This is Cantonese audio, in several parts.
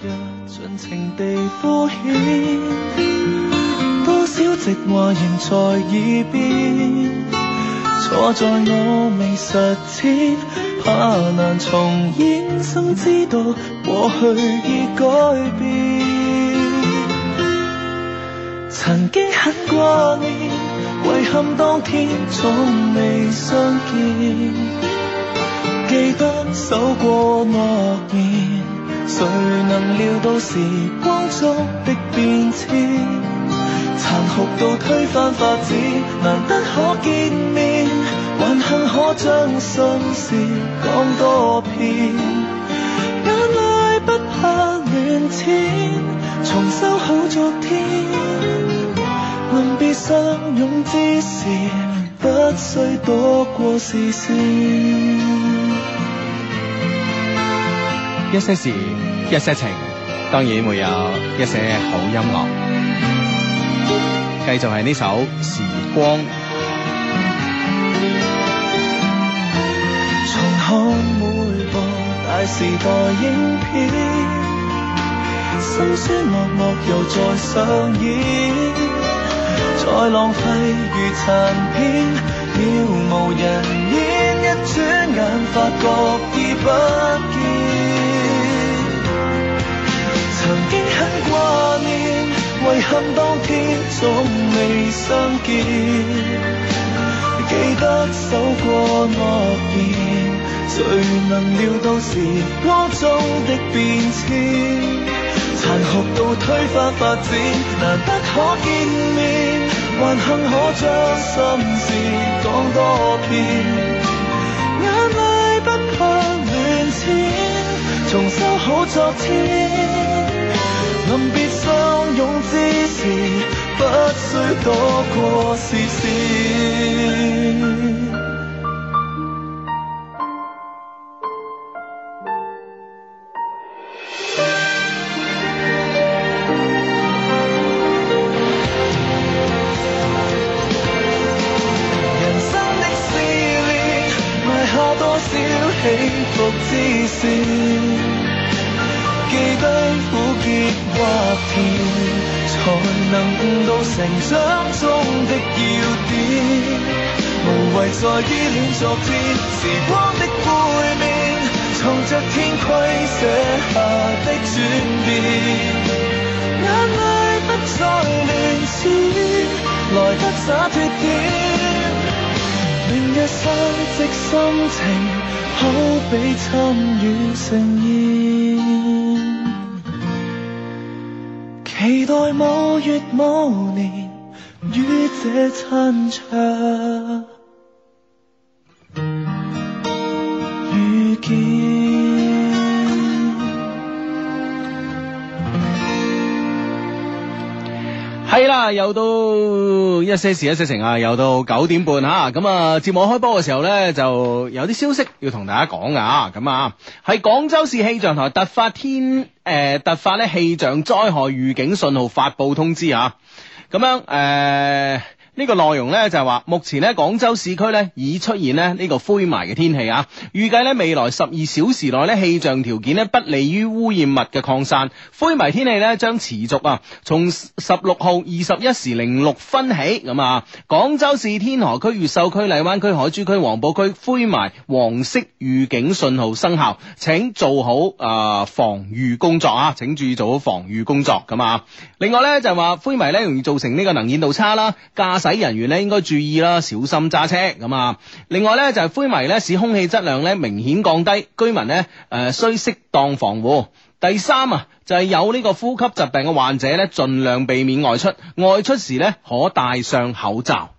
日盡情地呼欠，多少説話仍在耳邊，錯在我未實踐，怕難重演。心知道過去已改變，曾經很掛念，遺憾當天總未相見。記得守過諾言。誰能料到時光速的變遷，殘酷到推翻法治，難得可見面，還幸可將心事講多遍，眼淚不怕亂濺，重修好昨天，臨別相擁之時，不需躲過視線。一些事，一些情，當然會有一些好音樂。繼續係呢首《時光》。重看每部大時代影片，心酸落寞又再上演，再浪費如殘片，渺無人煙，一轉眼發覺已不。曾經很掛念，遺憾當天總未相見。記得守過諾言，誰能料到時光中的變遷？殘酷到推翻發，發展，難得可見面，還幸可將心事講多遍。眼淚不怕亂濺，重修好昨天。臨別相擁之時，不需躲過視線。人生的試煉，埋下多少起伏之線。能悟到成長中的要點，無謂再依戀昨天。時光的背面，藏着天規寫下的轉變。眼淚不再亂閃，來得灑脱點。明日失的心情，可比參與盛宴。期待某月某年，與這長長。係 啦，又到一些事一些情啊，又到九點半哈，咁啊，節目開播嘅時候呢，就有啲消息要同大家講噶，咁啊，喺廣州市氣象台突發天誒、呃，突發咧氣象災害預警信號發布通知啊，咁樣誒。呃呢個內容呢，就係話，目前呢，廣州市區呢，已出現咧呢、這個灰霾嘅天氣啊。預計呢，未來十二小時內呢，氣象條件呢，不利於污染物嘅擴散，灰霾天氣呢，將持續啊。從十六號二十一時零六分起，咁啊，廣州市天河區、越秀區、荔灣區、海珠區、黃埔區灰霾黃色預警信號生效，請做好啊、呃、防禦工作啊，請注意做好防禦工作咁啊。另外呢，就係、是、話灰霾呢，容易造成呢個能見度差啦，加底人員呢，應該注意啦，小心揸車咁啊。另外呢，就係、是、灰霾呢，使空氣質量呢，明顯降低，居民呢，誒、呃、需適當防護。第三啊，就係、是、有呢個呼吸疾病嘅患者呢，盡量避免外出，外出時呢，可戴上口罩。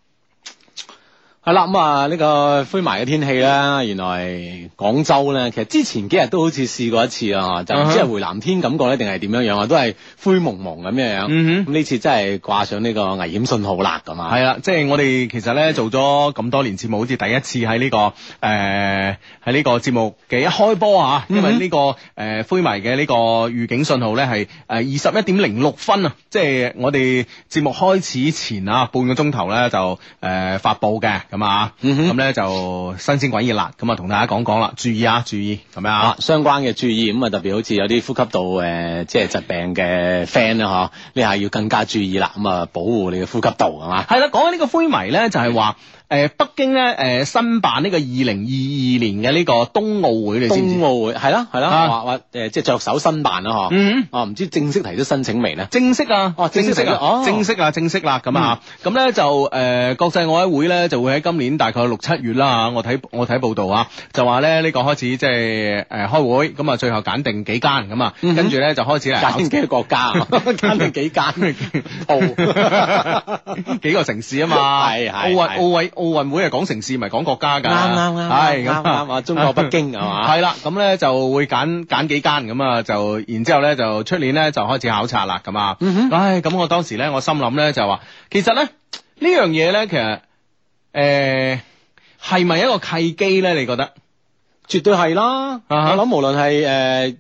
係啦，咁啊呢個灰霾嘅天氣啦，原來廣州咧，其實之前幾日都好似試過一次啊，嗯、ちょ 就唔知係回南天感覺咧，定係點樣樣啊？都係灰蒙蒙咁樣樣。咁呢、嗯、哼次真係掛上呢個危險信號啦，咁啊、嗯哼。係啦，即係我哋其實咧做咗咁多年節目，好似第一次喺呢個誒喺呢個節目嘅一開波啊。因為呢個誒、呃、灰霾嘅呢個預警信號咧係誒二十一點零六分啊，即係我哋節目開始前啊半個鐘頭咧就誒、呃、發布嘅。咁啊，咁咧、嗯、哼就新鮮滾熱辣咁啊同大家講講啦，注意啊，注意，咁樣啊，啊，相關嘅注意，咁啊特別好似有啲呼吸道誒、呃，即係疾病嘅 friend 啊。嗬，你係要更加注意啦，咁啊保護你嘅呼吸道係嘛，係、啊、啦，講緊呢個灰霾咧，就係、是、話。嗯誒，北京咧，誒，申辦呢個二零二二年嘅呢個冬奧會，你知唔知？冬奧會係啦，係啦，話話誒，即係着手申辦啦，嗬。嗯。唔知正式提出申請未呢？正式啊！哦，正式啊！正式啦，正式啦，咁啊，咁咧就誒，國際奧委會咧就會喺今年大概六七月啦，我睇我睇報道啊，就話咧呢個開始即係誒開會，咁啊最後揀定幾間咁啊，跟住咧就開始嚟揀幾個國家，揀定幾間嘅奧幾個城市啊嘛，係係。奧奧委。奧運會係講城市，唔係講國家噶。啱啱啱，係啱啱啊！中國 北京係嘛？係啦， 咁咧就會揀揀幾間咁啊，然就然之後咧就出年咧就開始考察啦，咁啊。嗯哼。唉，咁我當時咧，我心諗咧就話，其實咧呢樣嘢咧，這個，其實誒係咪一個契機咧？你覺得？絕對係啦。啊、猜我諗無論係誒。呃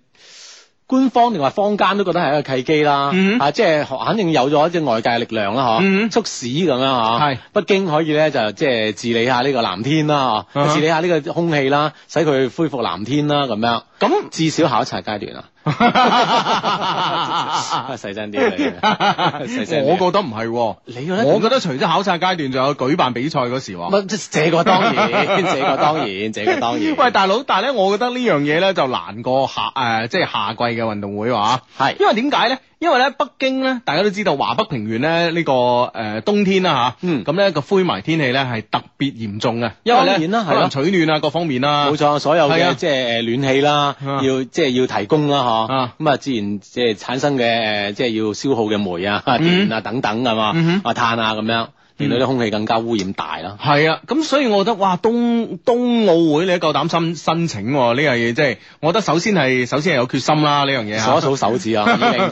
官方定話坊間都覺得係一個契機啦，mm hmm. 啊，即係肯定有咗一啲外界力量啦，吓、mm，促使咁樣吓，係，北京可以咧就即係治理下呢個藍天啦，吓、uh，huh. 治理下呢個空氣啦，使佢恢復藍天啦，咁、啊、樣。咁至少考察階段啊，喂、 啊，細聲啲， 我覺得唔係、啊，你覺得我覺得除咗考察階段，仲有舉辦比賽嗰時喎、啊。即係這個當然，呢個當然，這個當然。 喂，大佬，但係咧，我覺得呢樣嘢咧就難過下，誒、呃，即係夏季嘅運動會話、啊，係是，因為點解咧？因為咧，北京咧，大家都知道華北平原咧呢個誒冬天啦吓，咁咧、嗯、個灰霾天氣咧係特別嚴重嘅。因為咧，係咁取暖啊，各方面啊，冇錯，所有嘅、啊、即係誒暖氣啦，啊、要即係要提供啦嗬，咁啊自然即係產生嘅即係要消耗嘅煤、嗯、啊、電啊等等係嘛，啊碳啊咁樣。令到啲空氣更加污染大啦。係啊，咁所以我覺得哇，冬冬奧會你夠膽申申請喎、啊？呢樣嘢即係，我覺得首先係首先有決心啦、啊，呢樣嘢。數一數手指啊，二零二二、二零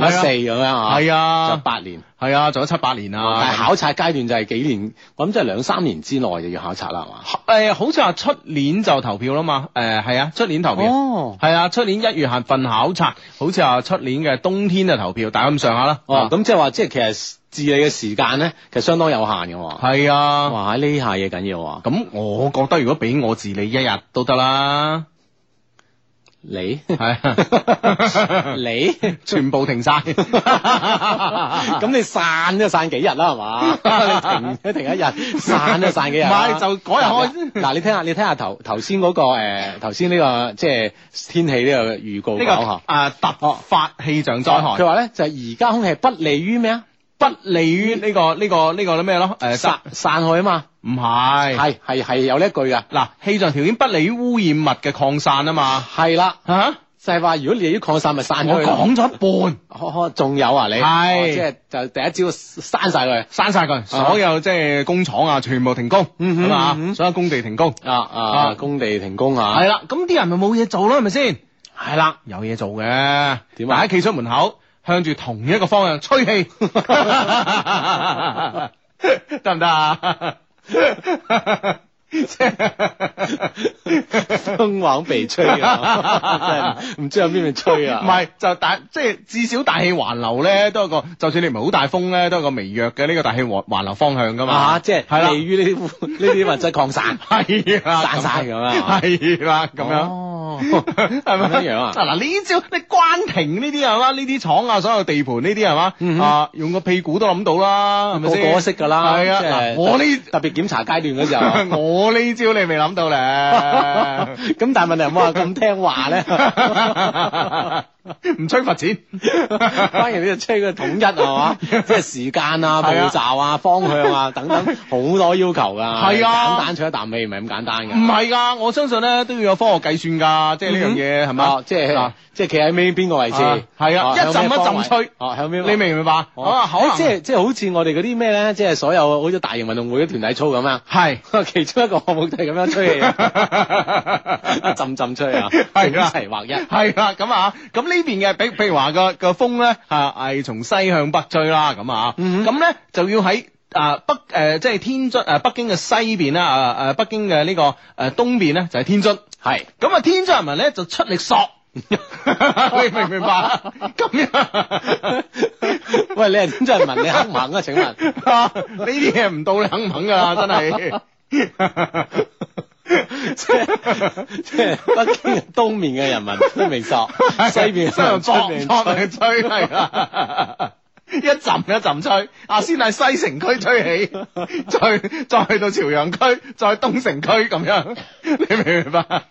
一四咁樣啊，係嗎啊，七八年，係啊，仲有七八年啊。但係、哦啊、考察階段就係幾年？咁即係兩三年之內就要考察啦，係嘛？誒、欸，好似話出年就投票啦嘛？誒、欸，係啊，出年投票。哦。係啊，出年一月份份考察，好似話出年嘅冬天就投票，大概咁上下啦。哦，咁、哦、即係話，即係其實。治理嘅時間咧，其實相當有限嘅喎。係啊，哇！呢下嘢緊要喎。咁、嗯、我覺得如果俾我治理一日都得啦。你係你全部停晒！咁你散都散幾日啦，係嘛？停一停一日，散都散幾日。唔係就嗰日開先。嗱，你聽下，你聽下頭頭先嗰個誒，頭先呢、嗰個、呃呢個、即係天氣呢個預告講嚇、呢個。啊，突發氣象災害。佢話咧就係而家空氣、, 啊、空氣不利於咩啊？不利於呢個呢個呢個咩咯？誒，散散去啊嘛，唔係係係係有呢一句㗎。嗱，氣象條件不利於污染物嘅擴散啊嘛，係啦嚇，就係話如果你要擴散咪散。我講咗一半，呵呵，仲有啊你，係即係就第一招閂晒佢，閂晒佢，所有即係工廠啊全部停工，嗯，嗯，嘛，所有工地停工，啊啊工地停工啊，係啦，咁啲人咪冇嘢做咯，係咪先？係啦，有嘢做嘅，但係企出門口。向住同一個方向吹氣，得唔得啊？即係風往被吹啊！唔知有邊度吹啊？唔係就但，即係至少大氣環流咧，都有個，就算你唔係好大風咧，都有個微弱嘅呢個大氣環環流方向噶嘛。啊，即係利於呢啲呢啲物質擴散，係啊，散晒咁樣，係啦，咁樣。哦，係咪一樣啊？嗱，呢招你關停呢啲係嘛？呢啲廠啊，所有地盤呢啲係嘛？啊，用個屁股都諗到啦，係咪先？個個識噶啦。係啊，我呢特別檢查階段嗰時候，我。我呢招你未諗到咧，咁但係問題唔好話咁聽話咧。唔吹罰錢，反而你就吹個統一係嘛，即係時間啊、步驟啊、方向啊等等好多要求噶。係啊，簡單吹一啖氣唔係咁簡單嘅。唔係噶，我相信咧都要有科學計算噶，即係呢樣嘢係嘛，即係即係企喺尾邊個位置。係啊，一浸一浸吹。哦，向邊？你明唔明白？即係即係好似我哋嗰啲咩咧，即係所有好似大型運動會嘅團體操咁啊。係，其中一個項目就係咁樣吹，一浸浸吹啊。係一齊劃一。係啦，咁啊，咁。呢邊嘅，比譬如話個個風咧，係、啊、從西向北吹啦，咁啊，咁咧、嗯、就要喺啊北誒、呃，即係天津誒、啊，北京嘅西邊啦，啊誒，北京嘅呢個誒東邊咧就係、是、天津，係咁啊，天津人民咧就出力索，你明唔 明白？咁樣，喂，你係天津人民， 你肯唔肯啊？請問呢啲嘢唔到你肯唔肯噶啦？真係。 即係即係北京東面嘅人民都未索，西 面西用朔朔嚟吹嚟啦， 一陣一陣吹，阿先係西城區吹起，再再去到朝陽區，再去東城區咁樣，你明唔明啊？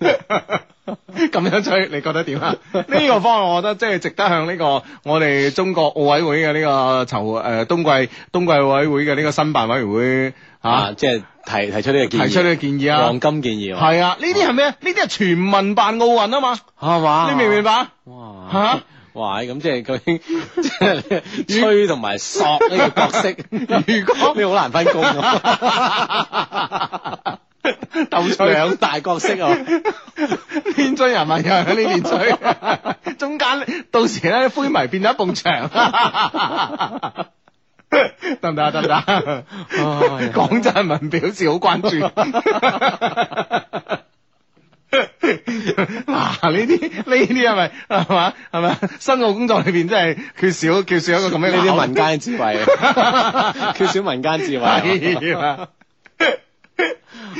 咁樣吹你覺得點啊？呢個方案我覺得即係值得向呢個我哋中國奧委會嘅呢個籌誒冬季冬季奧委會嘅呢個新辦委員會啊，即係提提出呢個建議，提出呢個建議啊，黃金建議係啊？呢啲係咩？呢啲係全民辦奧運啊嘛，係嘛？你明唔明白？哇吓哇！咁即係究竟吹同埋索呢個角色，如果你好難分工。鬥趣兩大角色啊！天津人民又喺呢邊追， 中間到時咧灰霾變咗一埲牆，得唔得啊？得唔得？講真文表示好關注。嗱、 啊，呢啲呢啲係咪係嘛？係咪？新澳工作裏邊真係缺少缺少一個咁樣呢啲民間智慧，缺 少民間智慧。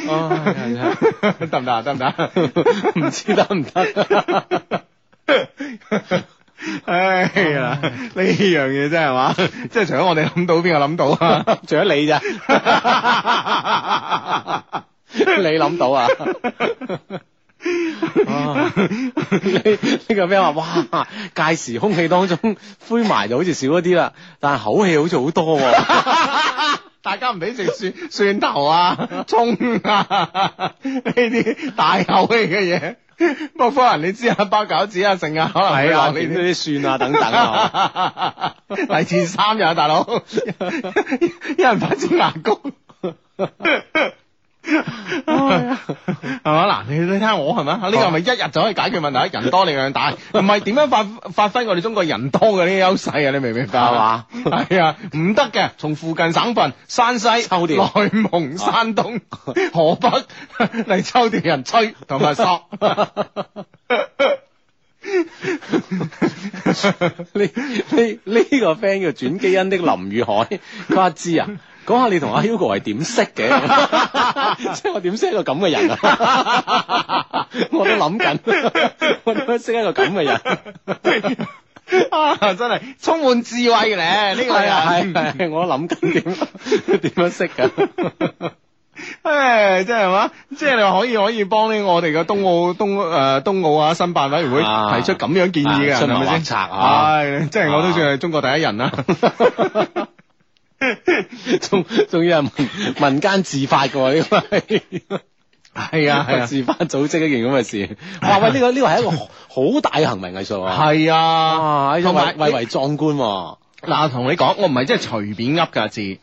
啊，得唔得啊？得唔得？唔知得唔得？哎呀，呢樣嘢真係嘛，即係除咗我哋諗到，邊個諗到啊？除 咗唉 你咋？你諗到啊？呢個咩話？哇！屆時空氣當中灰霾就好似少一啲啦，啊，但係口氣好似好多。大家唔俾食蒜 蒜頭啊、蔥啊呢啲 大口氣嘅嘢，不過夫仁你知啊，包餃子啊剩啊，等等 可能會呢啲蒜啊等等，嚟前三日啊大佬， 一人發支牙膏。 係啊係嘛嗱？你你睇下我係咪啊？呢個係咪一日就可以解決問題？人多力量大，唔係點樣發發揮我哋中國人多嘅呢啲優勢啊？你明唔明白？係嘛？係啊 吧，唔得嘅。從附近省份山西、內電蒙、山東、河北嚟 抽啲人吹同埋索。呢呢呢個 friend 叫轉基因的林如海，佢阿知啊？講下你同阿 Hugo 係點識嘅， 即係我點識一個咁嘅人， 人 啊？我都諗緊，我點樣識一個咁嘅人啊？真係充滿智慧咧，呢個人係係係，我都諗緊點點樣識噶？誒，即係嘛？即係你話可以可以幫呢？我哋嘅冬奧東誒冬奧啊申辦委員會提出咁樣建議嘅，係咪策啊，係即係我都算係中國第一人啦，啊。 仲仲 要係民間自發噶，呢個係係啊， 自發組織一件咁嘅事。哇，喂，呢個呢個係一個好大嘅行為藝術啊，係為 啊，蔚蔚為壯觀。嗱，同你講，我唔係即係隨便噏噶字，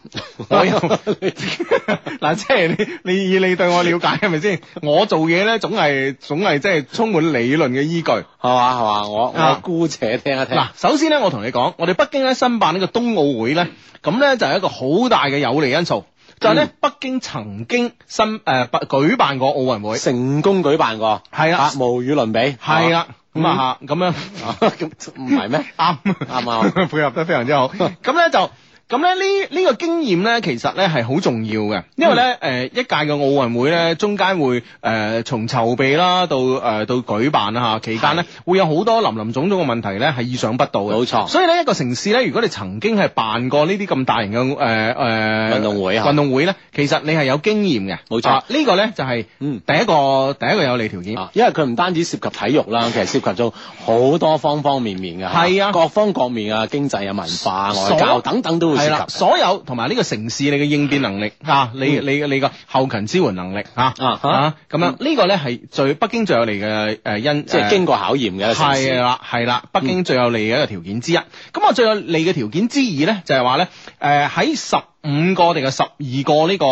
我又嗱、 啊，即係你，你以你對我了解係咪先？我做嘢咧，總係總係即係充滿理論嘅依據，係嘛係嘛？我我姑且聽一聽。嗱、啊，首先咧，我同你講，我哋北京咧申辦呢個冬奧會咧，咁咧就係、是、一個好大嘅有利因素。就係、是、咧，嗯、北京曾經申誒舉舉辦過奧運會，成功舉辦過，係啊，無與倫比，係啊。咁、嗯嗯、啊，吓，咁樣，咁唔係咩？啱啱啱配合得非常之好。咁咧就。咁咧呢呢個經驗咧，其實咧係好重要嘅，因為咧誒一屆嘅奧運會咧，中間會誒從籌備啦到誒到舉辦啊，吓，期間咧會有好多林林總總嘅問題咧係意想不到嘅。冇錯，所以呢一個城市咧，如果你曾經係辦過呢啲咁大型嘅誒誒運動會啊運動會咧，其實你係有經驗嘅。冇錯，呢個咧就係嗯第一個第一個有利條件，因為佢唔單止涉及體育啦，其實涉及咗好多方方面面嘅，係啊各方各面啊經濟啊文化外交等等都會。係啦，所有同埋呢個城市你嘅應變能力啊，你你嘅你嘅後勤支援能力啊啊，咁樣呢個咧係最北京最有利嘅誒因，即係經過考驗嘅。係啦，係啦，北京最有利嘅一個條件之一。咁我最有利嘅條件之二咧，就係話咧誒喺十五個定係十二個呢個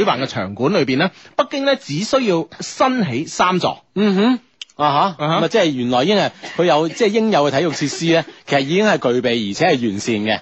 誒舉辦嘅場館裏邊咧，北京咧只需要新起三座。嗯哼啊嚇啊，即係原來已經係佢有即係應有嘅體育設施咧，其實已經係具備而且係完善嘅。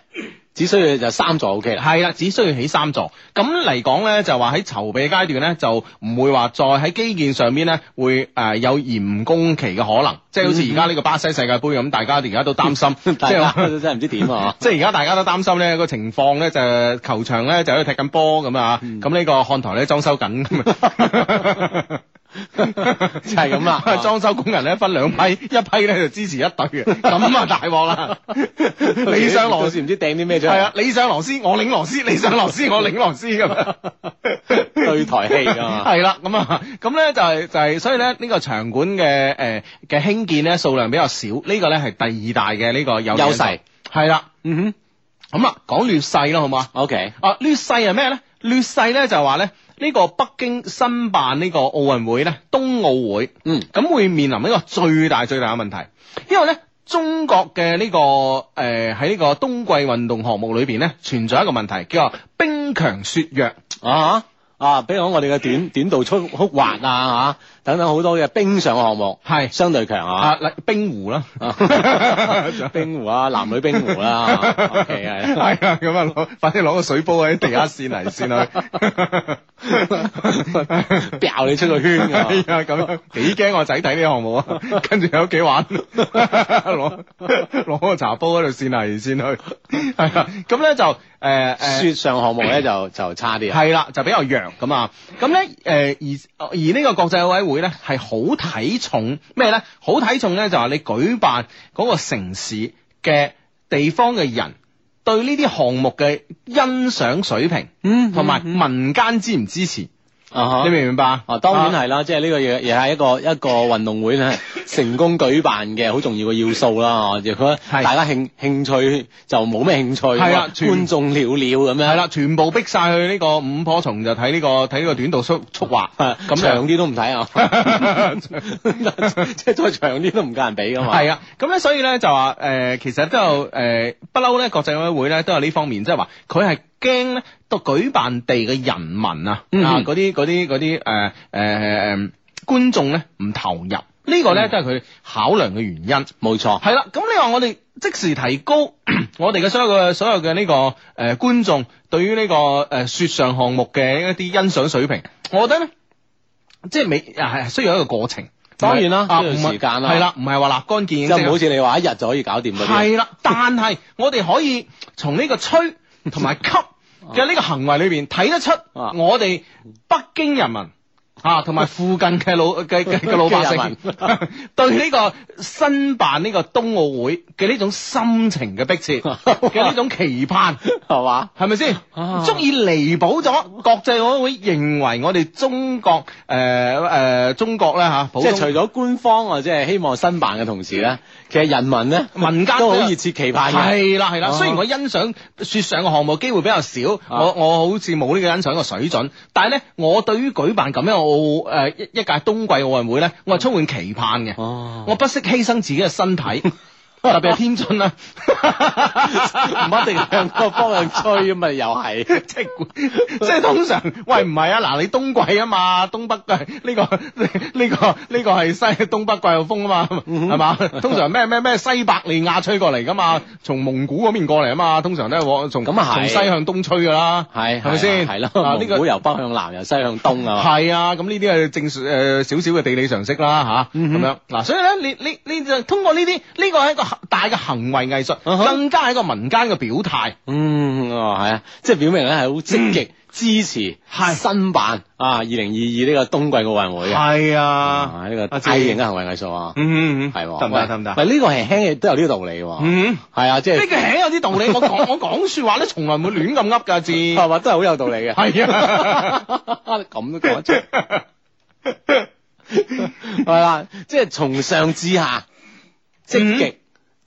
只需要就三座 O.K.，係啦，只需要起三座。咁嚟講咧，就話喺籌備階段咧，就唔會話再喺基建上面咧，會、呃、誒有延工期嘅可能。即係好似而家呢個巴西世界杯咁，大家而家都擔心。 家即係話，真係唔知點啊！即係而家大家都擔心咧個情況咧，就係球場咧就喺度踢緊波咁啊！咁呢 個看台咧裝修緊。 就係咁啦，裝修工人咧分兩批，一批咧就支持一對嘅，咁啊大鑊啦！螺絲 你上螺絲唔知掟啲咩啫？係啊，你上螺絲，我擰螺絲，你上螺絲，我擰螺絲咁樣對台戲啊！係啦，咁啊，咁咧就係就係，所以咧呢個場館嘅誒嘅興建咧數量比較少，呢、這個咧係第二大嘅呢個優優勢係啦，勢 嗯哼，咁啊講劣勢啦，好唔好？OK，啊劣勢係咩咧？劣勢咧就係話咧。呢個北京申辦呢個奧運會呢冬奧會，嗯，咁會面臨一個最大最大嘅問題，因為呢中國嘅呢個誒喺呢個冬季運動項目裏邊呢，存在一個問題，叫做冰強雪弱啊啊，比如講我哋嘅短短道速速滑啊吓。啊等等好多嘅冰上項目係相對強啊，冰壺啦，冰壺啊，男女冰壺啦 o 啊，係啊。咁啊，反正攞個水煲喺地下線嚟線去，鏘你出個圈啊！咁幾驚我仔睇呢個項目啊，跟住喺屋企玩，攞攞個茶煲喺度線嚟線去，係啊，咁咧就誒雪上項目咧就就差啲係啦，就比較弱咁啊，咁咧誒而而呢個國際位。會咧係好睇重咩咧？好睇重咧就話你舉辦嗰個城市嘅地方嘅人對呢啲項目嘅欣賞水平，嗯，同埋民間支唔支持？啊！Uh huh. 你明唔明白啊？哦，當然係啦，即係呢個嘢亦係一個一個運動會咧 成功舉辦嘅好重要嘅要素啦。如果大家興興趣就冇咩興趣，係啦、 啊，觀眾寥寥咁樣。係啦、啊，全部逼晒去呢個五棵松就睇呢、呢個睇呢個短道速速滑，咁長啲都唔睇啊， 啊！即係再長啲都唔夠人俾噶嘛。係啊，咁咧所以咧就話誒、呃，其實都有、呃、國際國際都有誒不嬲咧國際奧運會咧都有呢方面，即係話佢係。驚咧，到舉辦地嘅人民啊，啊，嗰啲嗰啲嗰啲誒誒誒觀眾咧唔投入，呢個咧都係佢考量嘅原因，冇錯。係啦，咁你話我哋即時提高我哋嘅所有嘅所有嘅呢個誒觀眾對於呢個誒雪上項目嘅一啲欣賞水平，我覺得咧，即係未係需要一個過程，當然啦，需要時間啦，係啦，唔係話立竿見影，即係唔好似你話一日就可以搞掂嘅。係啦，但係我哋可以從呢個吹同埋吸。嘅呢個行為裏邊睇得出我哋北京人民啊，同埋附近嘅老嘅嘅老百姓， 對呢個申辦呢個冬奧會嘅呢種心情嘅迫切嘅呢 種期盼，係嘛？ 係咪先？足以彌補咗國際奧會認為我哋中國誒誒、呃呃，中國咧吓，即係除咗官方或者係希望申辦嘅同時咧。其實人民咧，民間都好熱切期盼。 係啦係啦，啊、雖然我欣賞雪上嘅項目機會比較少，啊、我我好似冇呢個欣賞嘅水準。但係咧，我對於舉辦咁樣奧誒、呃、一屆冬季奧運會咧，我係充滿期盼嘅。哦、啊，我不惜犧牲自己嘅身體。啊 特別係天津啊，唔一定向個方向吹啊嘛，又係即係即係通常，喂唔係啊嗱，你冬季啊嘛，東北都係呢個呢個呢個係西東北季候風啊嘛，係嘛？通常咩咩咩西伯利亞吹過嚟噶嘛，從蒙古嗰邊過嚟啊嘛，通常都係往從行西向東吹噶啦，係係咪先？係啦，蒙古由北向南，由西向東啊嘛。係啊，咁呢啲係正誒少少嘅地理常識啦吓，咁樣嗱，所以咧你你你就通過呢啲呢個係一個。大嘅行為藝術，更加係一個民間嘅表態。嗯，哦，係啊，即係表明咧係好積極支持申辦啊，二零二二呢個冬季奧運會。係啊，呢個大型嘅行為藝術。啊，嗯嗯，係，得唔得？得唔得？係呢個係輕嘅，都有呢個道理。嗯，係啊，即係呢個輕有啲道理。我講我講說話咧，從來唔會亂咁噏噶字。係嘛，真係好有道理嘅。係啊，咁都講得出。係啦，即係從上至下積極。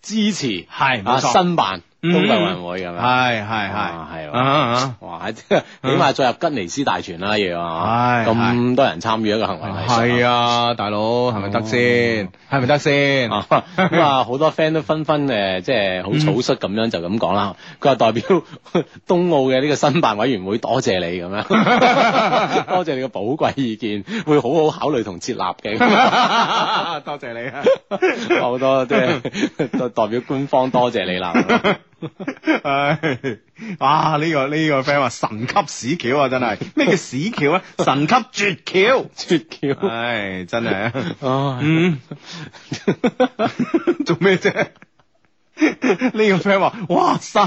支持係，冇錯，申辦。東運會咁樣，係係係係，哇！起碼進入吉尼斯大全啦，要。啊，咁多人參與一個行為，係啊，大佬係咪得先？係咪得先？咁啊，好多 friend 都紛紛誒，即係好草率咁樣就咁講啦。佢話代表東奧嘅呢個申辦委員會，多謝你咁樣，多謝你嘅寶貴意見，會好好考慮同接納嘅。多謝你啊！好多即係代代表官方多謝你啦。唉、 哎、啊，呢、這個呢、這個 friend 話神級屎橋啊，真係咩叫屎橋咧？神級絕橋， 絕橋橋，唉、哎、真係啊！嗯、 啊，做咩啫？ 呢 個 friend 話：哇塞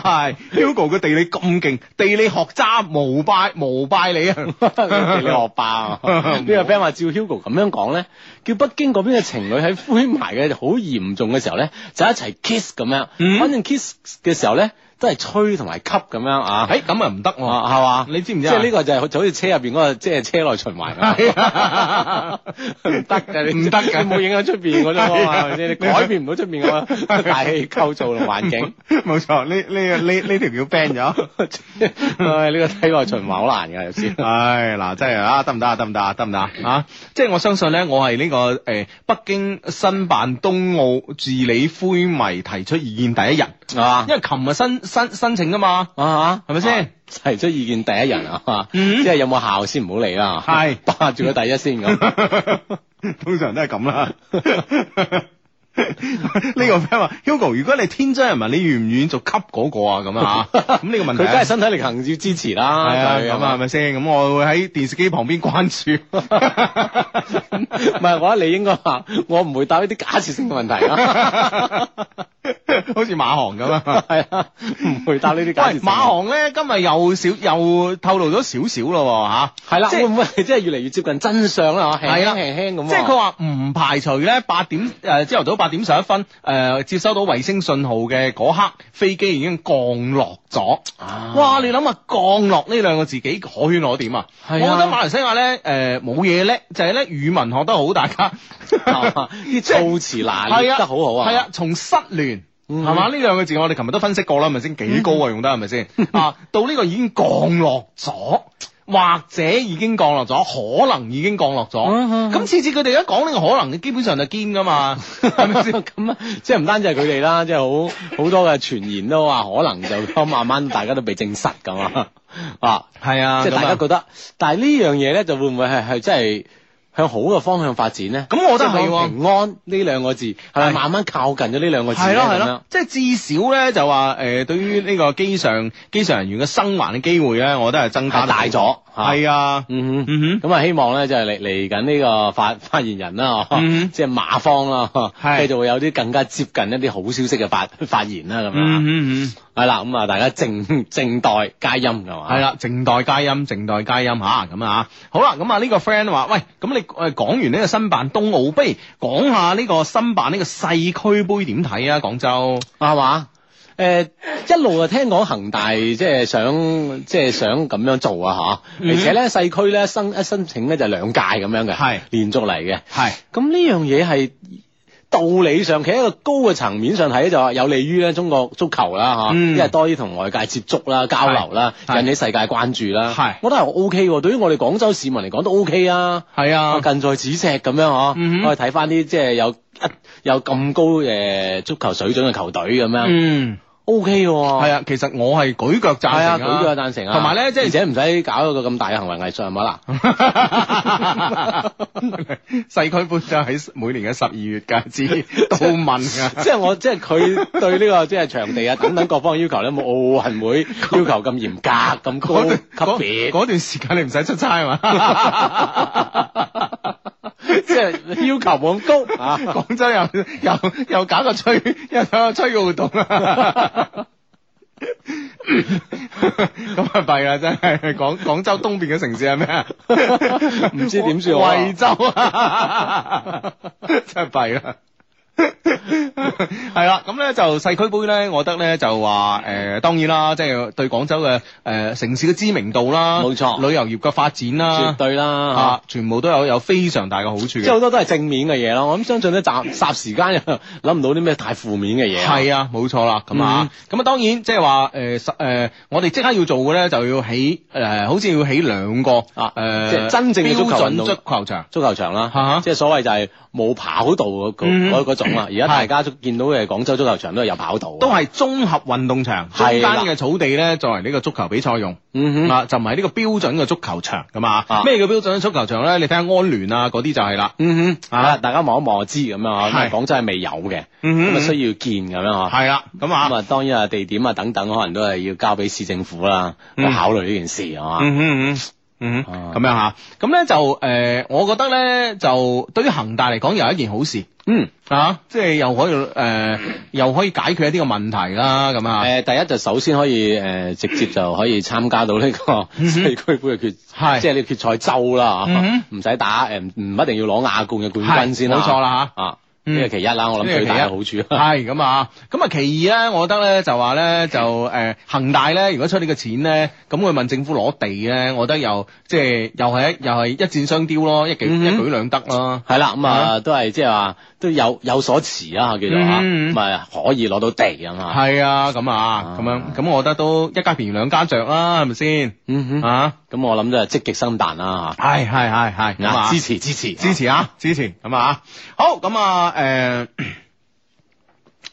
，Hugo 嘅地理咁勁，地理學渣無拜無拜你啊！地理學霸啊！呢個 friend 話：照 Hugo 咁樣講咧，叫北京嗰邊嘅情侶喺灰霾嘅好嚴重嘅時候咧，就一齊 kiss 咁樣。嗯、反正 kiss 嘅時候咧。都係吹同埋吸咁樣啊！哎，咁啊唔得喎，係嘛？你知唔知即係呢個就係就好似車入邊嗰個，即係車內循環。係啊，唔得就你唔得嘅，你冇影響出邊嗰種啊嘛，你改變唔到出邊咁啊大氣構造同環境。冇錯，呢呢個呢呢條叫 ban 咗。呢個呢個循環好難嘅先。唉，嗱，真係啊，得唔得啊？得唔得啊？得唔得啊？嚇！即係我相信咧，我係呢個誒北京申辦冬奧治理灰霾提出意見第一人啊！因為琴日新。申申請噶嘛，啊嚇，係咪先提出意見第一人啊嘛， 嗯、即係有冇效先唔好理啦，係霸住佢第一先咁， 通常都係咁啦。 呢個 friend 話，Hugo，如果你天津人民，你願唔願意做吸嗰個啊，咁啊，咁呢個問題，梗係 身體力行要支持啦，係啊，咁 啊，係咪先？咁、啊、我會喺電視機旁邊關注，唔係，我覺得你應該答，我唔會答呢啲假設性嘅問題啊， 好似馬航咁啊，係 啊，唔會答設、啊、 呢啲假設。馬航咧今日又少又透露咗少少咯、啊，吓 就，係啦，即係會唔會即係越嚟越接近真相啦？嗬，輕輕輕輕咁，即係佢話唔排除咧八點誒，朝頭早八。呃點上一分？誒、嗯，接收到衛星信號嘅嗰刻，飛機已經降落咗。啊、哇！你諗下降落呢兩個字，幾可圈可點啊？啊我覺得馬來西亞咧，誒、呃，冇嘢，叻，就係、是、咧語文學得好，大家造詞拿捏得好好啊。係啊，從、啊、失聯係嘛呢兩個字，我哋琴日都分析過啦，係咪先？幾高啊，用得係咪先 啊？到呢個已經降落咗。或者已經降落咗，可能已經降落咗。咁、啊啊啊、次次佢哋一講呢個可能，基本上就堅㗎嘛，係咪先？咁啊，即係唔單止係佢哋啦，即、就、係、是、好好 多嘅傳言都話可能就咁，慢慢大家都被證實咁 啊。啊，係啊，即係大家覺得， 但係呢樣嘢咧就會唔會係係真係？係就係向好嘅方向發展咧，咁我覺得係平安呢兩個字，係咪是慢慢靠近咗呢兩個字咧？咁樣即係至少咧，就話誒、呃，對於呢個機上機上人員嘅生還嘅機會咧，我覺得係增加大咗。係啊，嗯哼，嗯哼，咁啊、嗯哼，希望咧就係嚟嚟緊呢個發發言人啦，嗯、哼即係馬方啦，繼續就會有啲更加接近一啲好消息嘅發發言啦，咁啊、嗯哼。嗯。係啦，咁啊，大家靜靜待佳音，㗎嘛？係啦，靜待佳音，靜待佳音吓，咁啊，好啦，咁啊，呢、啊啊這個 friend 話，喂，咁你誒、啊、講完呢個申辦冬奧杯，講下呢個申辦呢個世俱杯點睇啊？廣州係嘛？誒、啊啊啊啊，一路啊聽講恒大即係、就是、想即係、就是、想咁樣做啊，吓、嗯，而且咧世俱咧申一申請咧就兩屆咁樣嘅，係是連續嚟嘅，係是。咁呢樣嘢係。道理上，企喺一個高嘅層面上睇，就話有利於咧中國足球啦，嚇、嗯，因為多啲同外界接觸啦、交流啦，引起是世界關注啦。係是，我覺得係 OK 喎。對於我哋廣州市民嚟講，都 OK 啊。係啊，近在咫尺咁樣，嗬、嗯哼，可以睇翻啲即係有一有咁高嘅足球水準嘅球隊咁樣。嗯 O K 嘅喎，係、okay 哦、啊，其實我係舉腳贊成、啊啊，舉腳贊成啊！同埋咧，即、就、係、是、而且唔使搞一個咁大嘅行為藝術，係咪啊？細區搬遷喺每年嘅十二月嘅至到問啊！即係 我，即係佢對呢個即係場地啊等等各方嘅要求咧，冇奧運會要求咁嚴格咁 高級別。嗰 段，段時間你唔使出差啊嘛？ 即係要求咁高，啊！廣州又又又搞個吹又搞個吹嘅活動啊！咁啊弊啦，真係廣廣州東邊嘅城市係咩 啊？唔知點算，惠州啊，真係弊啦！係啦，咁咧 就世俱杯咧，我覺得咧就話誒、呃，當然啦，即、就、係、是、對廣州嘅誒、呃、城市嘅知名度啦，冇錯錯，旅遊業嘅發展啦，絕對啦，吓、啊，全部都有有非常大嘅好處。即係好多都係正面嘅嘢咯，我諗相信咧，霎霎時間又諗唔到啲咩太負面嘅嘢。係啊，冇錯啦，咁啊、嗯，咁啊、嗯，當然即係話誒，誒、呃呃，我哋即刻要做嘅咧，就要起誒、呃，好似要起兩個啊，誒、呃，即係真正嘅標準足球場，足球場啦，即係 所謂就係、是。冇跑道嗰嗰種啊，而家大家都見到嘅廣州足球場都係有跑道，都係綜合運動場，係啦，中間嘅草地咧作為呢個足球比賽用，啊就唔係呢個標準嘅足球場咁啊，咩叫標準足球場咧？你睇下安聯啊嗰啲就係啦，嗯哼，啊大家望一望就知咁樣啊，因為廣州係未有嘅，咁啊需要建咁樣啊，係啦，咁啊，咁啊當然啊地點啊等等，可能都係要交俾市政府啦去考慮呢件事啊。嗯，咁樣吓，咁咧就誒，我覺得咧就對於恒大嚟講又係一件好事，嗯啊，嗯嗯即係又可以誒，呃嗯、又可以解決一啲個問題啦，咁啊，誒、呃、第一就首先可以誒、呃、直接就可以參加到呢個四區杯嘅決，係、嗯、哼即係呢決賽周啦，唔使是、嗯、哼打誒，唔一定要攞亞冠嘅冠軍先，冇錯啦嚇。啊。呢個、嗯、其一啦，我諗最大嘅好處、嗯。係咁啊，咁啊、 嗯嗯，其二咧，我覺得咧就話咧就誒、呃，恒大咧如果出呢個錢咧，咁佢問政府攞地咧，我覺得又即係又係一又係一箭雙雕咯，一舉、嗯、哼一舉兩得咯。係啦，咁、嗯、啊、嗯嗯、都係即係話。就是都有有所持啊，叫做吓、啊，唔係啊，可以攞到地啊嘛。係啊，咁啊，咁、啊、樣，咁我覺得都一家平兩家着啦、啊，係咪先？嗯哼，啊，咁我諗都係積極生蛋啦嚇。係，係，係，係、啊，支持支持、啊啊、支持啊，支持咁啊，好，咁啊，誒、呃。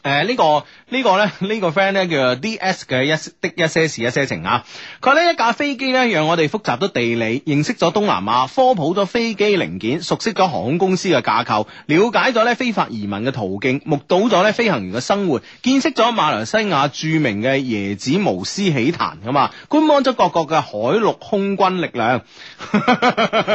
誒，呢、呃這個這個呢、這個咧，呢個 friend 咧叫 D.S 嘅一啲一些事一些情啊！佢呢一架飛機咧，讓我哋複雜咗地理，認識咗東南亞，科普咗飛機零件，熟悉咗航空公司嘅架構，了解咗咧非法移民嘅途徑，目睹咗咧飛行員嘅生活，見識咗馬來西亞著名嘅椰子巫師起壇啊嘛，觀摩咗各國嘅海陸空軍力量，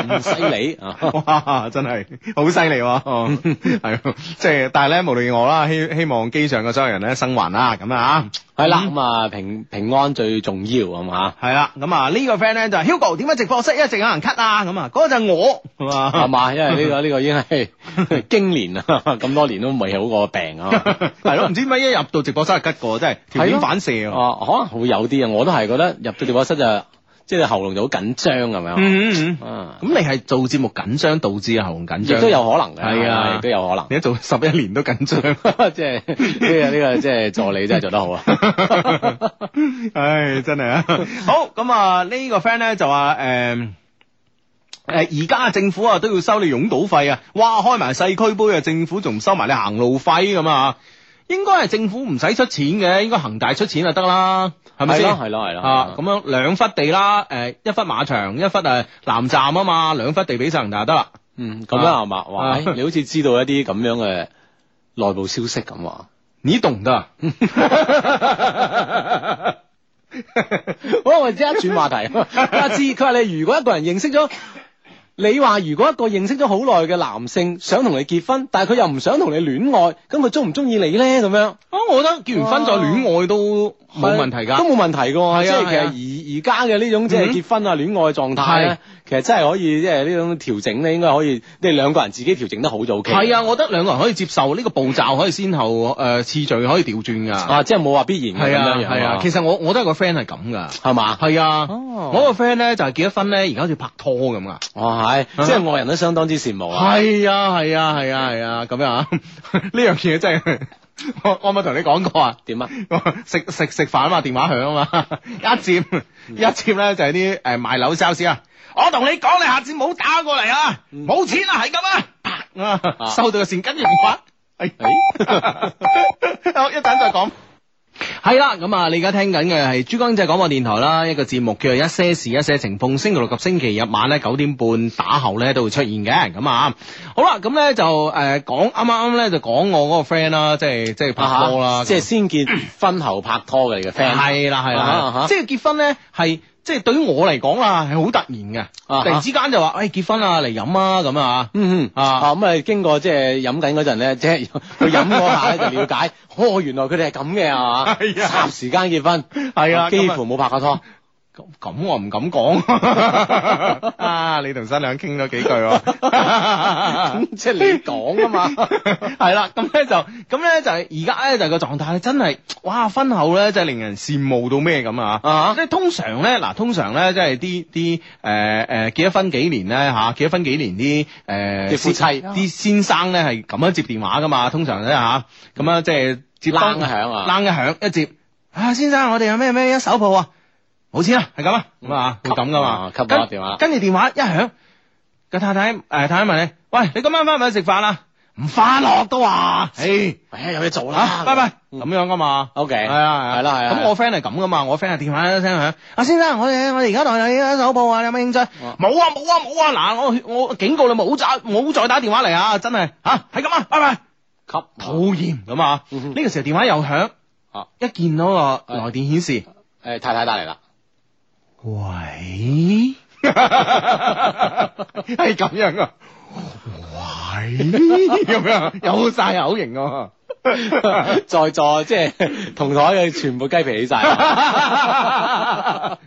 唔犀利啊！哇，真係 好犀利、啊，係即係，但係咧，無論我啦，希希望。機上嘅所有人咧生還啦，咁啊吓，係啦了，咁、嗯、啊平平安最重要，係嘛，係啦，咁啊、這個、呢個 friend 咧就係、Hugo，點解直播室一直有人 cut 啊？咁、那、啊、個，嗰個就係我係嘛，係嘛，因為呢、這個呢 個已經係經年啊，咁 多年都未好過病 啊，係咯，唔知、啊啊、點解一入到直播室就 cut 過，真係條件反射啊，可能會有啲啊，我都係覺得入到直播室就。即係喉嚨就好緊張咁樣，嗯嗯，嗯啊！咁你係做節目緊張導致嘅喉嚨緊張亦都有可能嘅，係啊，亦都有可能。你一做十一年都緊張， 即係呢、這個呢、 這個即係、這個、助理真係做得好啊！唉、 哎，真係啊！好咁啊，這個、呢個 friend 咧就話誒誒，而、呃、家政府啊都要收你擁堵費啊！哇，開埋西區杯啊，政府仲收埋你行路費咁啊！應該係政府唔使出錢嘅，應該恒大出錢就得啦，係咪先？係啦係啦，啊，咁樣兩忽地啦，誒、欸，一忽馬場，一忽誒南站啊嘛，兩忽地俾恒大得啦。嗯，咁樣係嘛，啊、哇、哎！你好似知道一啲咁樣嘅內部消息咁啊？ 你懂唔得 我我即刻轉話題，阿志佢話你如果一個人認識咗。你話如果一個認識咗好耐嘅男性想同你結婚，但係佢又唔想同你戀愛，咁佢中唔中意你呢？咁樣，啊，我覺得結完婚再戀愛都冇、啊、是問題噶，都冇問題噶，即係其實而而家嘅呢種即係、就是、結婚啊戀、嗯、愛狀態咧。其實真係可以，即係呢種調整咧，應該可以，即你兩個人自己調整得好就 OK 係啊，我覺得兩個人可以接受呢個步驟，可以先後誒次序可以調轉噶，啊，即係冇話必然。係啊，係啊。其實我我都有個 friend 係咁噶，係嘛？係啊。我個 friend 咧就係結咗婚咧，而家好似拍拖咁噶，係，即係外人都相當之羨慕。啊。係啊，係啊，係啊，係啊，咁樣啊，呢樣嘢真係，我我冇同你講過啊？點啊？食食食飯啊嘛，電話響啊嘛，一接一接咧就係啲誒賣樓 sales 啊。我同你講，你下次唔好打過嚟啊！冇錢啦，係咁啊，收到嘅現金二百。哎哎，我一陣再講。係啦，咁啊，你而家聽緊嘅係珠江仔廣播電台啦，一個節目叫做《一些事一些情》，逢星期六及星期日晚咧九點半打後咧都會出現嘅。咁啊，好啦，咁咧就誒講，啱啱咧就講我嗰個 friend 啦，即係即係拍拖啦，即係先結婚後拍拖嘅呢個 friend。係啦係啦，即係結婚咧係。即係對於我嚟講啊，係好突然嘅，突然之間就話，哎結婚啊，嚟飲啊咁、嗯、啊，啊，嗯嗯，啊啊咁啊、嗯，經過、就是、飲 即係飲緊嗰陣咧，即係佢飲嗰下咧就了解， 哦原來佢哋係咁嘅啊，霎 時間結婚，係 啊，幾乎冇拍過拖。嗯嗯咁我唔敢講啊， 啊！你同新娘傾咗幾句，啊， 咁即係你講啊嘛？係啦，咁咧就咁咧就係而家咧就個狀態真係哇婚後咧真係令人羨慕到咩咁啊即係，啊、通常咧嗱，通常咧即係啲啲誒誒結咗婚幾年咧吓，結咗婚幾年啲誒、呃、夫妻啲人、啊、先生咧係咁樣接電話噶嘛？通常咧吓咁樣即、就、係、是啊、接冷，冷，響、啊、冷，冷一響啊，冷一響一接啊先生，我哋有咩咩一手鋪啊！啊啊啊啊冇錢啦，係咁啊，咁啊，咁噶嘛，跟住電話一響，個太太誒，太太問你，喂，你今晚翻唔翻去食飯啊？唔翻落都話，唉，有嘢做啦，拜拜。咁樣噶嘛，O K，係啊，係啦，係啊。咁我 friend 係咁噶嘛，我 friend 係電話一聲響，阿先生，我哋我哋而家同你手報啊，有咩興趣？冇啊，冇啊，冇啊。嗱，我我警告你，冇再冇再打電話嚟啊！真係吓，係咁啊，拜拜。咁討厭咁啊，呢個時候電話又響，啊，一見到個來電顯示，誒，太太打嚟啦。.喂，係咁樣啊！喂，咁樣有晒口型啊，在座即係同台嘅全部雞皮起晒，咁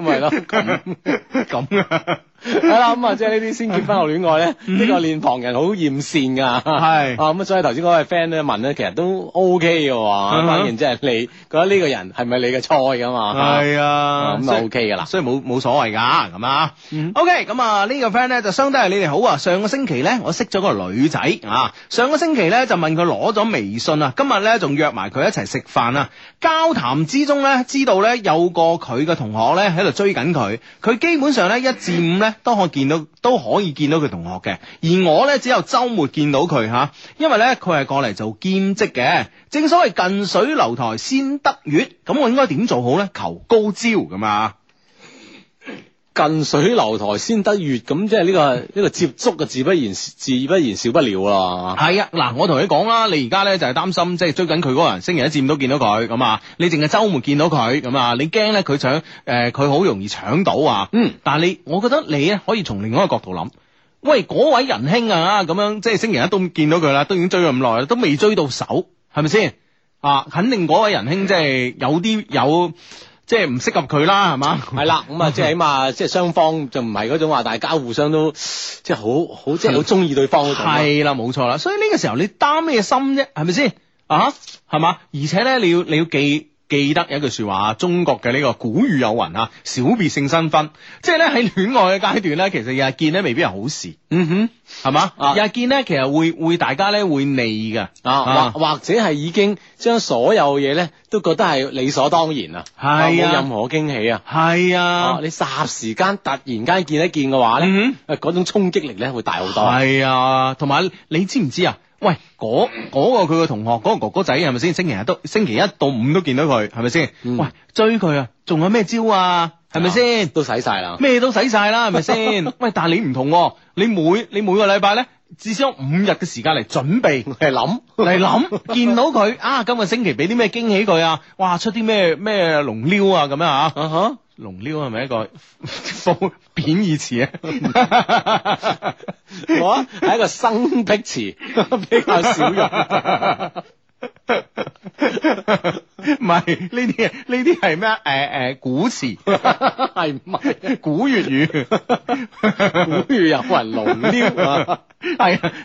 咪咯，咁咁啊！係啦，咁啊、 嗯，即係呢啲先結婚後戀愛咧，呢個連旁人好厭線噶，係啊，咁啊，所以頭先嗰位 friend 咧問咧，其實都 O K 噶，嗯、反而即係你覺得呢個人係咪你嘅菜噶嘛？係啊，咁就 O K 噶啦，所以冇冇所謂噶，咁啊，O K，咁啊，嗯 okay，嗯這個、呢個 friend 咧就相當係你哋好啊。上個星期咧，我識咗個女仔啊，上個星期咧就問佢攞咗微信啊，今日咧仲約埋佢一齊食飯啊，交談之中咧知道咧有個佢嘅同學咧喺度追緊佢，佢基本上咧一至五咧。五個五個當我見到都可以見到佢同學嘅，而我咧只有周末見到佢吓，因為咧佢係過嚟做兼職嘅。正所謂近水樓台先得月，咁我應該點做好咧？求高招咁啊！近水樓台先得月，咁即係呢個呢個接觸嘅，自不然自不然少不了啦。係啊，嗱，我同你講啦，你而家咧就係擔心，即係追緊佢嗰人，星期一至五都見到佢咁啊，你淨係周末見到佢咁啊，你驚咧佢搶，誒、呃，佢好容易搶到啊。嗯，但係你，我覺得你咧可以從另外一個角度諗，喂，嗰位仁兄啊，咁樣即係星期一都見到佢啦，都已經追咗咁耐，都未追到手，係咪先？啊，肯定嗰位仁兄即係有啲有。有即係唔適合佢啦，係嘛？係啦，咁啊，即係起碼，即係雙方就唔係嗰種話，大家互相都即係好好，即係好中意對方嗰種。係啦，冇錯啦，所以呢個時候你擔咩心啫？係咪先啊？uh huh，係嘛？而且咧，你要你要記。記得有句說話，中國嘅呢個古語有云啊，小別勝新婚，即係咧喺戀愛嘅階段咧，其實日見咧未必係好事，嗯哼，係嘛吧，啊、日見咧其實會會大家咧會膩噶，啊，或、啊、或者係已經將所有嘢咧都覺得係理所當然啦，冇、啊、任何驚喜啊，係啊，啊，你霎時間突然間見一見嘅話咧，嗰、嗯、哼種衝擊力咧會大好多，係啊，同埋你知唔知啊？喂，嗰嗰個佢個同學，嗰個哥哥仔係咪先？星期日都星期一到五都見到佢，係咪先？嗯、喂，追佢啊！仲有咩招啊？係咪先？是是都使晒啦，咩都使晒啦，係咪先？喂，但係你唔同、啊，你每你每個禮拜咧，至少五日嘅時間嚟準備嚟諗嚟諗，見到佢啊，今日星期俾啲咩驚喜佢啊？哇，出啲咩咩龍撩啊？咁樣啊！Uh huh? 龍溜係咪一個褒貶義詞啊？我 係 一個生僻詞，比較少用。 唔係呢啲，呢啲係咩？誒誒、呃呃，古詞係唔係古粵語？ 古語有云龍雕啊！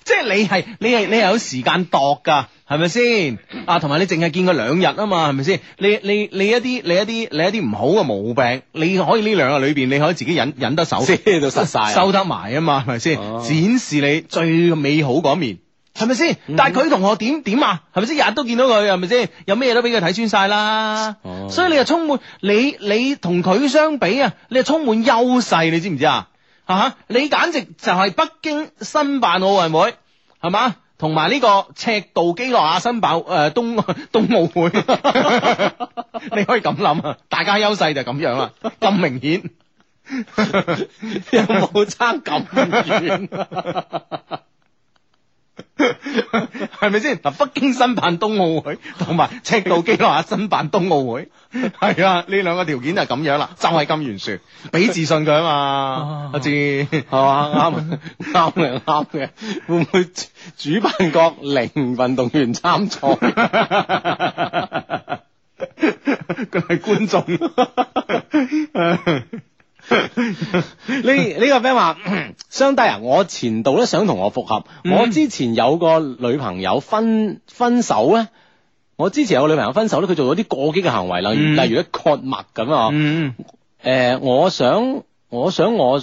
即係你係你係你係有時間度噶，係咪先？啊，同埋你淨係見過兩日啊嘛，係咪先？你你你一啲你一啲你一啲唔好嘅毛病，你可以呢兩個裏邊，你可以自己忍忍得手，即到失晒收，收得埋啊嘛，係咪先？啊、展示你最美好嗰面。係咪先？但係佢同學點點啊？係咪先？日日都見到佢，係咪先？有咩嘢都俾佢睇穿晒啦。Oh. 所以你又充滿你，你同佢相比啊，你又充滿優勢，你知唔知啊？啊你簡直就係北京申辦奧運會，係嘛？同埋呢個赤道幾內亞申辦誒、呃、冬冬奧會， 你可以咁諗啊！大家優勢就咁樣啦，咁明顯， 有冇差咁遠。係咪先？嗱， 北京申辦冬奧會，同埋赤道幾內亞申辦冬奧會， 係啊，呢兩個條件就係咁樣啦。就係、是、金元說，俾自信佢啊嘛，阿志係嘛？啱啱嘅，啱嘅智。會唔會主辦國零運動員參賽？佢 係 是觀眾。 啊呢呢個 friend 話，雙低啊！我前度咧想同我復合，嗯、我之前有個女朋友分分手咧，我之前有個女朋友分手咧，佢做咗啲過激嘅行為，例如例如一割脈咁啊。誒、嗯欸，我想我想我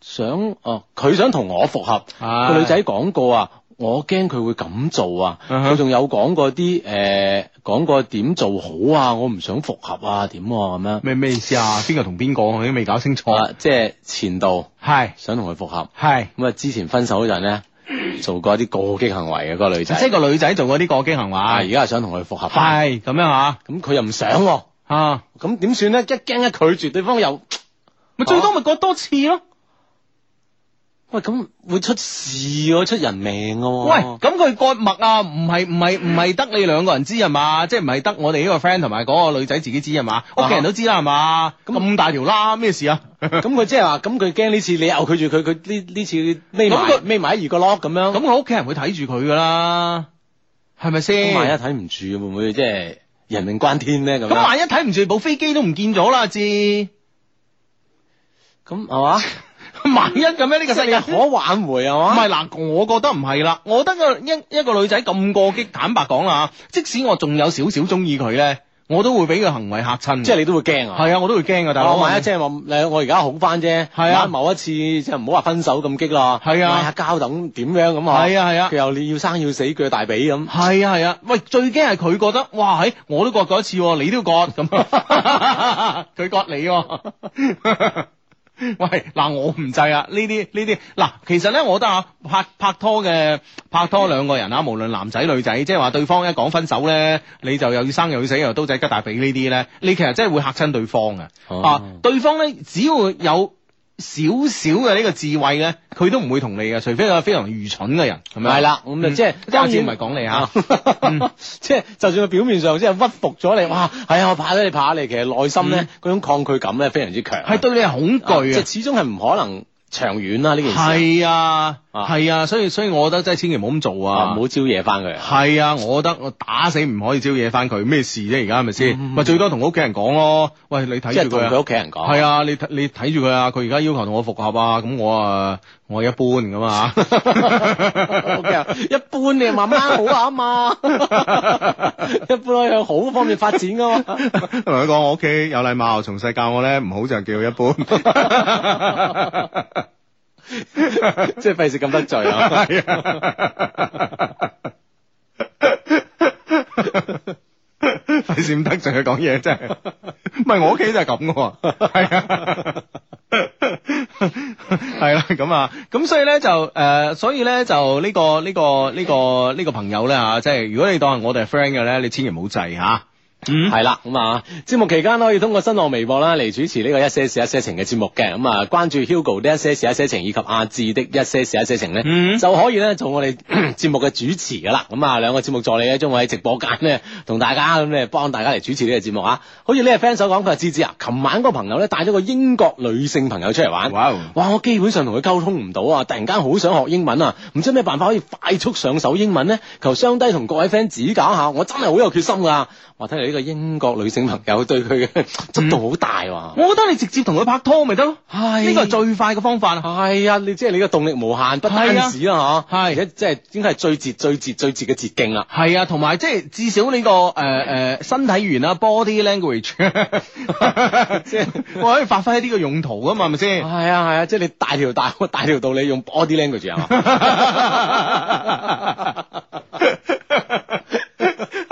想哦，佢、啊、想同我復合，的個女仔講過啊。我驚佢會咁做啊！佢仲有講過啲誒，講過點做好啊？我唔想復合啊，點咁樣？咩咩意思啊？邊個同邊個？我都未搞清楚。啊。即係前度係想同佢復合係咁啊！之前分手嗰陣咧，做過一啲過激行為嘅個女仔，即係個女仔做過啲過激行為，而家係想同佢復合係咁樣啊？咁佢又唔想啊？咁點算咧？一驚一拒絕，對方又咪最多咪過多次咯？喂，咁會出事哦，出人命噶、哦、喎！ 喂，咁佢割脈啊，唔係唔係唔係得你兩個人知係嘛？即係唔係得我哋呢個 friend 同埋嗰個女仔自己知係嘛？屋企人都知啦係嘛？咁咁大條啦，咩、啊、事啊？咁佢即係話，咁佢驚呢次你又佢住佢，佢呢呢次未埋匿埋喺二個 lock 咁樣。咁佢屋企人會睇住佢噶啦，係咪先？萬一睇唔住，會唔會即係、就是、人命關天咧？咁咁萬一睇唔住，部飛機都唔見咗啦，知、啊？咁係嘛？那 萬一咁咩？呢、呢個世界可挽回係嘛？唔係嗱，我覺得唔係啦。我覺得個一一個女仔咁過激，坦白講啦，即使我仲有少少中意佢咧，我都會俾佢行為嚇親。即係你都會驚啊？係啊，我都會驚噶。但我萬一即係話我而家好翻啫。係啊，一某一次即係唔好話分手咁激啦。係啊，嗌下交等點樣咁啊？係啊係啊，佢又你要生要死，鋸大髀咁。係啊係啊，喂！最驚係佢覺得，哇！係、欸、我都割過一次，你都割，咁佢 割你、哦。 喂，嗱我唔制啊！呢啲呢啲，嗱其實呢，我覺得啊，拍拍拖嘅拍拖兩個人啊，無論男仔女仔，即係話對方一講分手呢，你就又要生又要死，又刀仔吉大髀呢啲呢，你其實真係會嚇親對方嘅、哦、啊！對方呢，只要有。少少嘅呢個智慧咧，佢都唔會同你嘅，除非係個非常愚蠢嘅人，係咪？係啦，咁就即係當然唔係講你吓，即係就算佢表面上即係屈服咗你，哇，係、哎、啊，我怕咗你，怕你，其實內心咧嗰、嗯、種抗拒感咧非常之強，係對你係恐懼啊，即、就、係、是、始終係唔可能長遠啦呢件事。係啊。係啊，啊，所以所以，我覺得真係千祈唔好咁做啊，唔好招惹翻佢，啊。係啊，我覺得我打死唔可以招惹翻佢，咩事啫，啊？而家係咪先？咪，嗯、最多同屋企人講咯。喂，你睇住佢。即係同佢屋企人講，啊。係啊，你睇你睇住佢啊！佢而家要求同我復合啊，咁我啊，我，啊我一般咁啊。OK 啊一般，你慢慢好啊嘛。一般可以向好方面發展噶嘛。同佢講，我屋企有禮貌，從細教我咧，唔好就叫一般。 即係費事咁得罪啊！係啊，費事咁得罪佢講嘢真係，唔係我屋企就係咁嘅，係 啊， 係啦咁啊，咁所以咧就誒，所以咧就呢、呃呢個呢、呢個呢、呢個呢、呢個朋友咧啊，即係如果你當係我哋係 friend 嘅咧，你千祈唔好制吓。啊。嗯，係啦、mm，咁、hmm. 啊，節目期間可以通過新浪微博啦嚟主持呢個一些事一些情嘅節目嘅，咁啊，關注 Hugo 的一些事一些情以及阿志的一些事一些情咧，mm hmm. 就可以咧做我哋節 目嘅主持噶啦。咁啊，兩個節目助理咧將會喺直播間咧同大家咁咧幫大家嚟主持呢個節目啊。好似呢個 friend 所講，佢話志志啊，琴晚嗰個朋友咧帶咗個英國女性朋友出嚟玩，哇，Wow. 哇，我基本上同佢溝通唔到啊，突然間好想學英文啊，唔知咩辦法可以快速上手英文咧？求雙低同各位 friend 指教下，我真係好有決心噶。話，睇嚟呢個英國女性朋友對佢嘅執度好大哇！我覺得你直接同佢拍拖咪得咯，呢個係最快嘅方法啊！係啊，你即係你嘅動力無限不單止啦，吓係，即係應該係最捷最捷最捷嘅捷徑啦。係啊，同埋即係至少呢個誒誒身體語言啦，body language，即係我可以發揮呢個用途噶嘛，係咪先？係啊係啊，即係你大條大，大條道理，用 body language 啊嘛？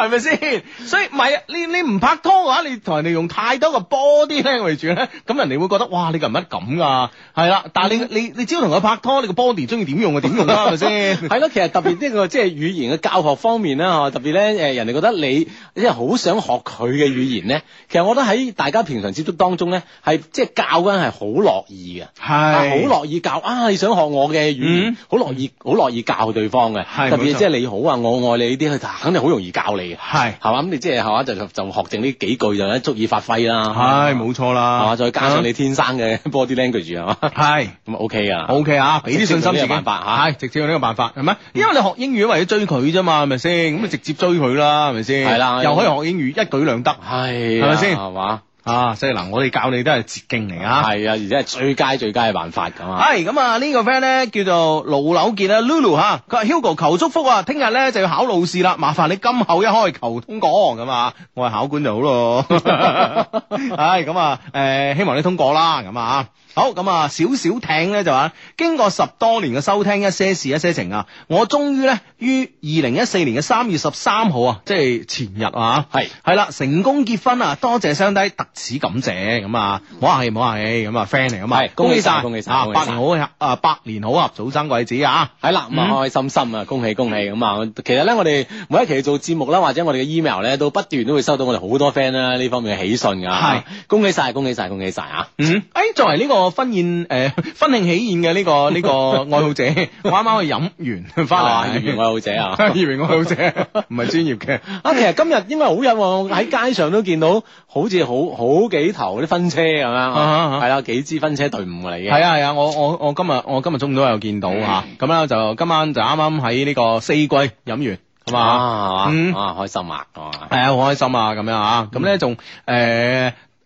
係咪先？ 所以唔係啊！你你唔拍拖嘅話，你同人哋用太多個 body 咧為主咧，咁人哋會覺得哇！你個人乜咁噶？係啦，但係你你你只要同佢拍拖，你個 body 中意點用就點用啦，係咪先？係咯，其實特別呢、這個即係 語言嘅教學方面咧，特別咧誒，人哋覺得你即係好想學佢嘅語言咧，其實我覺得喺大家平常接觸當中咧，係即係教緊係好樂意嘅，係好樂意教啊！你想學我嘅語言，好樂、嗯、意，好樂意教對方嘅，係是特別即係你好啊，我愛你呢啲，佢肯定好容易教你。係，係嘛是，咁、嗯、你即係，係嘛，就就學淨呢幾句就，足以發揮啦。係，冇錯啦，係嘛，再加上你天生嘅 body language 係嘛，係是，咁 ok 啊。ok 啊，俾啲信心自己，直接用呢個辦法，係咪、嗯？因為你學英語都為咗追佢啫嘛，係咪先？咁啊直接追佢啦，係咪先？係啦，又可以學英語，一舉兩得，係、啊，係咪先？係嘛吧。啊，即係嗱，我哋教你都係捷徑嚟啊，係啊，而且係最佳最佳嘅辦法咁、哎嗯這個、啊。係咁啊，呢個 friend 咧叫做盧柳健啊，Lulu 吓，佢話 Hugo 求祝福啊，聽日咧就要考路試啦，麻煩你今後一開求通過咁啊，啊，我係考官就好咯。係咁啊，誒、嗯嗯，希望你通過啦，咁、嗯、啊，好，咁、嗯、啊，少少艇咧就話，經過十多年嘅收聽一些事一些情啊，我終於咧於二零一四年嘅三月十三號啊，即、就、係、是、前日啊，係係啦，成功結婚啊，多謝商台特。此感謝咁啊，唔好客氣，唔好客氣，咁啊 friend 嚟噶嘛，係，恭喜晒，恭喜晒，百年好合啊，百年好合，早生貴子啊，係啦，咁啊開心心啊，恭喜恭喜，咁啊，其實咧我哋每一期做節目啦，或者我哋嘅 email 咧，都不斷都會收到我哋好多 friend 啦呢方面嘅喜訊㗎，係，恭喜晒，恭喜晒，恭喜晒啊，誒，作為呢個婚宴誒婚慶喜宴嘅呢個呢個愛好者，我啱啱去飲完翻嚟，以為愛好者啊，以為愛好者，唔係專業嘅，啊，其實今日應該係好日喎，喺街上都見到，好似好。好幾頭啲婚車咁樣，係啦，幾支婚車隊伍嚟嘅。係啊係啊，我我我今日我今日中午都有見到吓，咁咧就今晚就啱啱喺呢個四季飲完，係嘛，啊開心啊，係啊，好開心啊，咁樣啊，咁咧仲誒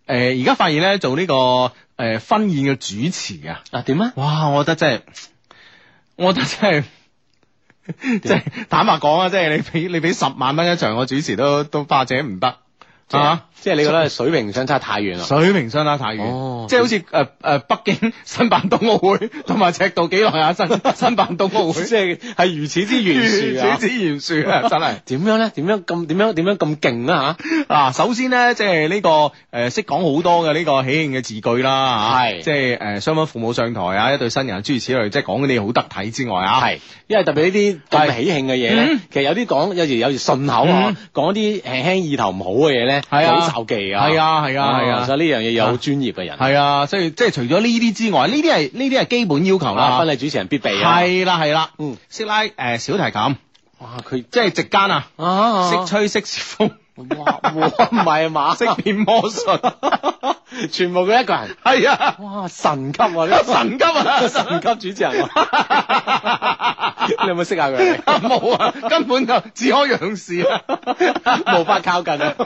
誒，而家發現咧做呢個誒婚宴嘅主持啊，啊點啊？哇，我覺得真係，我覺得真係，即係坦白講啊，即係你俾你俾十萬蚊一場，我主持都都或者唔得啊。即係你覺得水平相差太遠啦，水平相差太遠。哦，即係好似誒誒北京申辦冬奧會同埋赤道幾耐啊，申申辦冬奧會，即係係如此之懸殊啊，如此之懸殊啊，真係點樣咧？點樣咁點樣點樣咁勁咧？嚇嗱，首先咧，即係呢個誒識講好多嘅呢個喜慶嘅字句啦，嚇，即係誒雙方父母上台啊，一對新人諸如此類，即係講嗰啲好得體之外啊，係，因為特別呢啲咁喜慶嘅嘢咧，其實有啲講有時有時順口啊，講啲輕輕意頭唔好嘅嘢咧，係啊。造技啊，係啊，係啊，啊所以呢樣嘢有好專業嘅人，係啊，所以即係除咗呢啲之外，呢啲係呢啲係基本要求啦，婚禮、啊、主持人必備啊，係啦、啊，係啦，嗯，識拉誒、呃，小提琴，哇，佢即係席間啊，哦、啊，啊、識吹識，識風。哇！唔係馬色變魔術， 全部佢一個人。係啊！哇！神級喎，神級啊，神級，啊神級主持人，啊。 你有冇識下佢？冇 啊，啊，根本就，啊、只可仰視，啊， 無法靠近啊！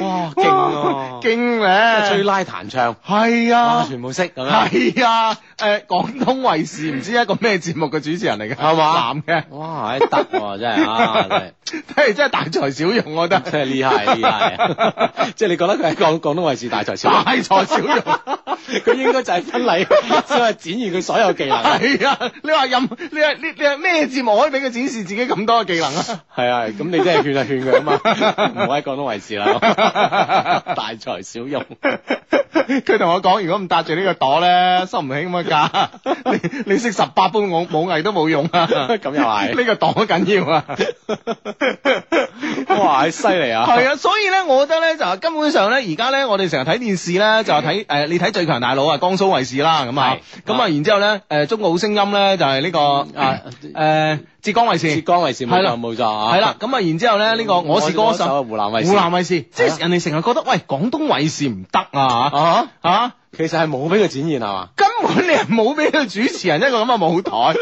哇！ 勁咧，吹拉彈唱係啊，全部識係啊，誒、呃，廣東衛視唔知一個咩節目嘅主持人嚟嘅，係嘛男嘅，哇，哎得，哇真係啊， 真係、啊、 真係大材小用我覺得，真係厲害，厲害，即係你覺得佢喺廣廣東衛視大材小用，大材小用，佢應該就係婚禮，所以展現佢所有技能。係 啊，你話任你話你你話咩節目可以俾佢展示自己咁多嘅技能啊？係 啊， 咁你真係勸啊勸佢啊嘛，唔好喺廣東衛視啦，大少用，佢同 我講，如果唔搭住呢個檔咧，收唔起咁嘅價。你你識十八般武武藝都冇用啊，咁又係呢個檔緊要啊！ 哇，犀利啊！係 啊，所以咧，我覺得咧，就係根本上咧，而家咧，我哋成日睇電視咧，就係睇誒，你睇最強大腦啊，江蘇衛視啦，咁啊，咁啊，然之後咧，誒，中國好聲音咧，就係呢個啊，誒、呃。 浙江衛視，浙江衛視，係啦，冇錯，係啦，咁啊，然之後咧，呢個我是歌手，湖南衛視，湖南衛視，即係人哋成日覺得，喂，廣東衛視唔得啊，吓，其實係冇俾佢展現啊嘛，根本你係冇俾佢主持人一個咁嘅舞台，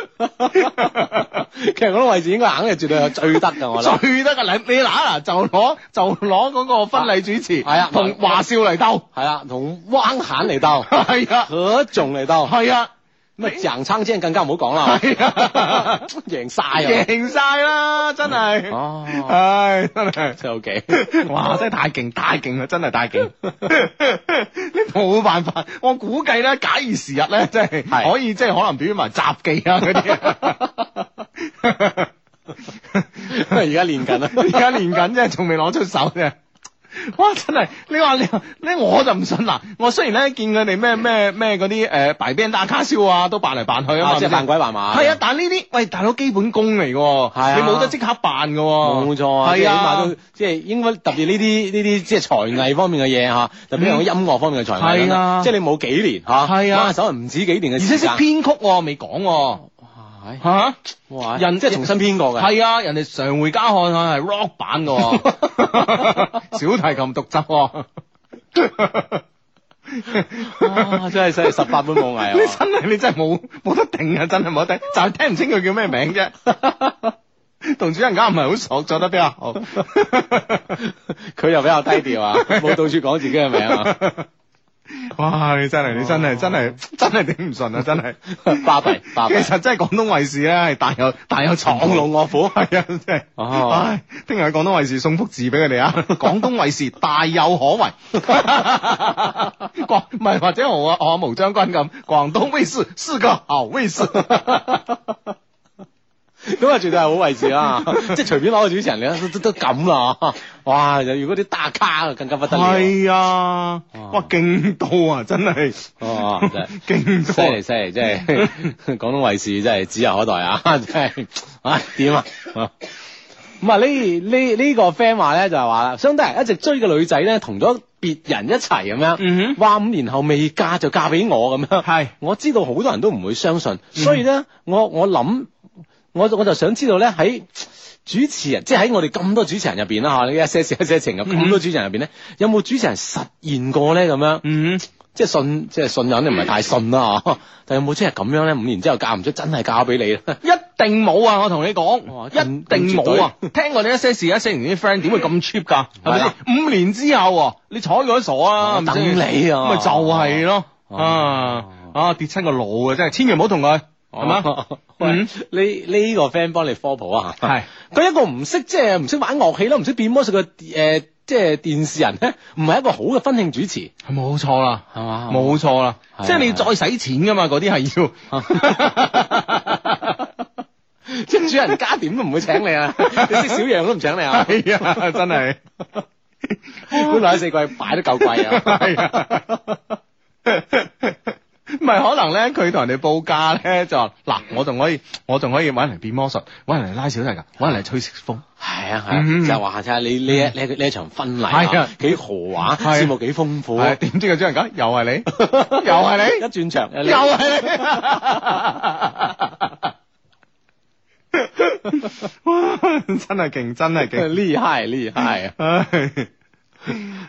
其實廣東衛視應該硬係絕對係最得噶，我諗，最得噶，你你嗱嗱就攞就攞嗰個婚禮主持，係啊，同華少嚟鬥，係啊，同汪涵嚟鬥，係啊，何炅嚟鬥，係啊。乜贏撐真係更加唔好講啦，贏晒，啊！贏晒啦，真係，哦，係真係，真係 OK，哇，真係太勁， 太勁啦，真係太勁，呢 冇辦法，我估計咧，假以時日咧，真係可， 可以，即係可能表演埋雜技啊嗰啲，而家練緊啊，而家練緊啫，仲未攞出手啫。哇！真係你話你，咧我就唔信啦、啊。我雖然咧見佢哋咩咩咩嗰啲誒擺 band 打卡燒啊，都扮嚟扮去啊嘛，即係扮鬼扮馬。係啊，但呢啲喂大佬基本功嚟嘅喎，你冇得即刻扮嘅喎。冇錯，係啊，起碼都即係、就是、應該特別呢啲呢啲即係才藝方面嘅嘢嚇，特別有音樂方面嘅才藝啊，啊即係你冇幾年嚇，啊，下、啊、手唔止幾年嘅。而且識編曲、啊，未講、啊。吓，人即係重新編過嘅，係啊，哇人哋常回家看看係 rock 版嘅， 小提琴獨奏，啊 啊，真係犀十八般武藝啊你！你真係你真係冇冇得定啊！真係冇得定， 就係聽唔清佢叫咩名啫。同 主人家唔係好熟，做得比較好，佢 又比較低調，啊，冇到處講自己嘅名。啊。 哇！你真係你真係真係真係頂唔順啊！真係，巴閉， 其實真係廣東衛視啊，大有大有藏龍臥虎，係啊！真係，哦、唉，聽日廣東衛視送幅字俾佢哋啊！ 廣東衛視大有可為，廣唔係或者我我毛將軍咁，廣東衛視係個好衛視。 咁啊，絕對係好位置啦，即係隨便攞個主持人嚟都都都咁啦，哇！如果啲大咖更加不得了。係啊，哇，勁多啊，真係哦，真係勁多，真係真係，真係廣東衞視真係指日可待啊！真係，唉點啊？咁啊，呢呢呢個 friend 話咧就係話啦，相對係一直追嘅女仔咧，同咗別人一齊咁樣，嗯哼，話五年後未嫁就嫁俾我咁樣，係，我知道好多人都唔會相信，所以咧，我我諗。我我就想知道咧，喺主持人，即係喺我哋咁多主持人入邊啦、啊啊，嗬，你一些事一些情咁多主持人入邊咧，有冇主持人實現過咧咁樣？嗯，即係信，即係信任都唔係太信啦，但係有冇真係咁樣咧？五年之後嫁唔出，真係嫁俾你啦？一定冇啊！我同你講，一定冇啊！聽過你一些事一些情啲 friend，點會咁 cheap 噶？係啦，五年之後，你睬佢都傻啊！等你啊，咪就係咯，啊啊跌親個腦啊，真係，千祈唔好同佢。係嘛？喂、嗯，你呢個 friend 幫你科普啊？係佢是一個唔識，即係唔識玩樂器啦，唔識變魔術嘅誒，即、呃、係、就是、電視人咧，唔係一個好嘅婚慶主持。冇錯啦，係是嘛？冇錯啦，即係你要再使錢噶嘛，嗰啲係要。即 係 主人家點都唔會請你啊！ 你識小樣都唔請你啊！係 啊，真係。 本來四季擺得夠貴啊！ 是啊 唔係可能咧，佢同人哋報價咧就話，嗱，我仲可以，我仲可以搵人變魔術，搵人嚟拉小提琴，搵人嚟吹風，係啊係，啊嗯、就話就係你呢一呢呢一場婚禮，係啊，幾的豪華，節目幾豐富，啊，點知佢主人家，又係你，又係你，一轉場又係是你， 真係勁，真係勁，厲害厲害。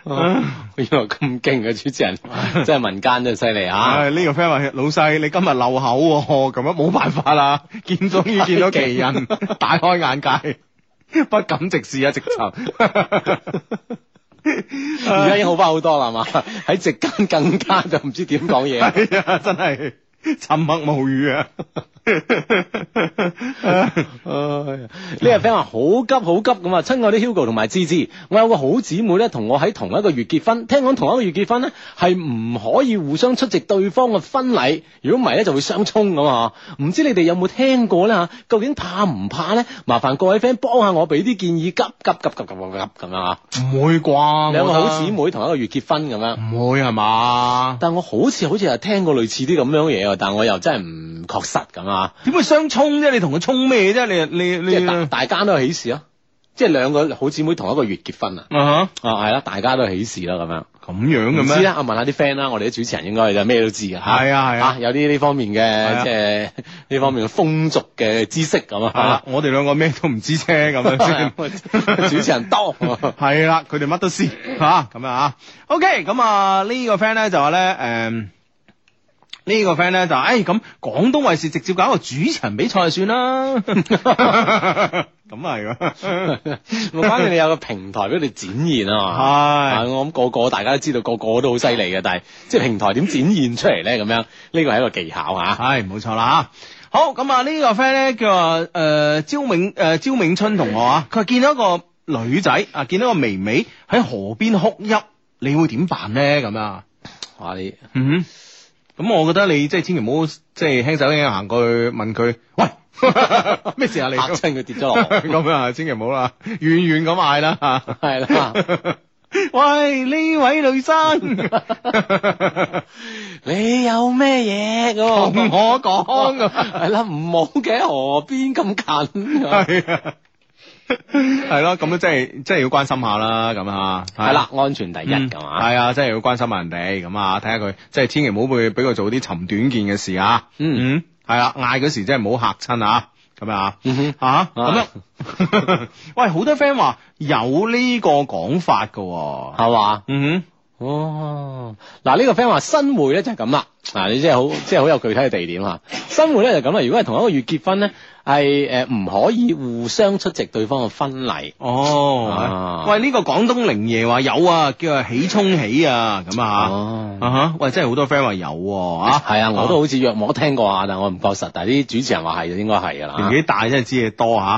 原來咁勁嘅主持人， 真係民間真係犀利啊。呢、 哎這個 friend、哦、 話：老細你今日漏口喎，咁樣冇辦法啦。見終於見到奇人，大開眼界，不敢直視啊，直頭。而家已經好翻好多啦，係嘛？喺直間更加就唔知點講嘢。係啊，真係。沉默無語啊！呢個 friend 話好急好急咁啊！親愛啲 Hugo 同埋芝芝，我有個好姊妹咧，同我喺同一個月結婚。聽講同一個月結婚咧，係唔可以互相出席對方嘅婚禮，如果唔係咧就會相沖咁啊。唔知你哋有冇聽過咧吓？究竟怕唔怕咧？麻煩各位 friend 幫下我俾啲建議，急急急急急急咁樣啊！唔會啩？兩個好姊妹同一個月結婚咁樣，唔會係嘛？但係我好似好似係聽過類似啲咁樣嘢啊！但我又真係唔確實咁啊！點會相沖啫？你同佢沖咩啫？你你你，大家都係喜事啊！即係兩個好姊妹同一個月結婚啊！啊，係啦，大家都係喜事咯，咁樣咁樣咁樣，知啦，我問下啲 friend 啦，我哋啲主持人應該就咩都知啊。係啊，係啊，有啲呢方面嘅即係呢方面嘅風俗嘅知識咁啊。我哋兩個咩都唔知啫，咁樣主持人多係啦，佢哋乜都知嚇咁樣啊。OK，咁啊呢個 friend 咧就話咧誒。個呢個 friend 咧就誒，咁廣東衛視直接搞個主持人比賽算啦，咁係咯，我反正你有個平台俾你展現啊係是、啊，我諗個個大家都知道個個都好犀利嘅，但係即係平台點展現出嚟咧咁樣，呢個係一個技巧吓、啊，係冇錯啦吓，好咁啊呢個 friend 咧叫啊誒招明誒招明春同學啊，佢見到一個女仔啊見到個微微喺河邊哭泣，你會點辦咧咁啊？係， 嗯。咁、嗯、我覺得你即係千祈唔好，即係輕手輕腳行過去問佢，問喂咩 事啊？你 嚇親佢跌咗落，咁 樣啊，千祈唔好啦，遠遠咁嗌啦嚇，係啦。 喂，呢位女生， 你有咩嘢同我講？係 啦，唔好企喺河邊咁近係 啊。係咯，咁啊， 即係即係要關心下啦，咁啊，係啦， 安全第一噶嘛，係啊、嗯，即係要關心下人哋，咁啊，睇下佢，即係千祈唔好俾佢，俾佢做啲尋短見嘅事啊，嗯，嗯，係啊，嗌嗰時真係唔好嚇親啊，咁啊，嗯吓，咁樣，喂，好多 friend 話有呢個講法噶，係嘛？嗯哼，吧嗯哼哦，嗱，呢、這個 friend 話新會咧就係咁啦，嗱，你即係好，即係好有具體嘅地點啊，新會咧就咁啦，如果係同一個月結婚咧。係誒，唔、呃、可以互相出席對方嘅婚禮。哦，啊、喂，呢、這個廣東靈爺話有啊，叫做喜沖喜啊，咁啊吓、哦啊，喂，真係好多 friend 話有啊，係、嗯、啊，啊我都好似約莫聽過啊，但係我唔確實。但係啲主持人話係，應該係啊，年紀大真係知嘢多吓。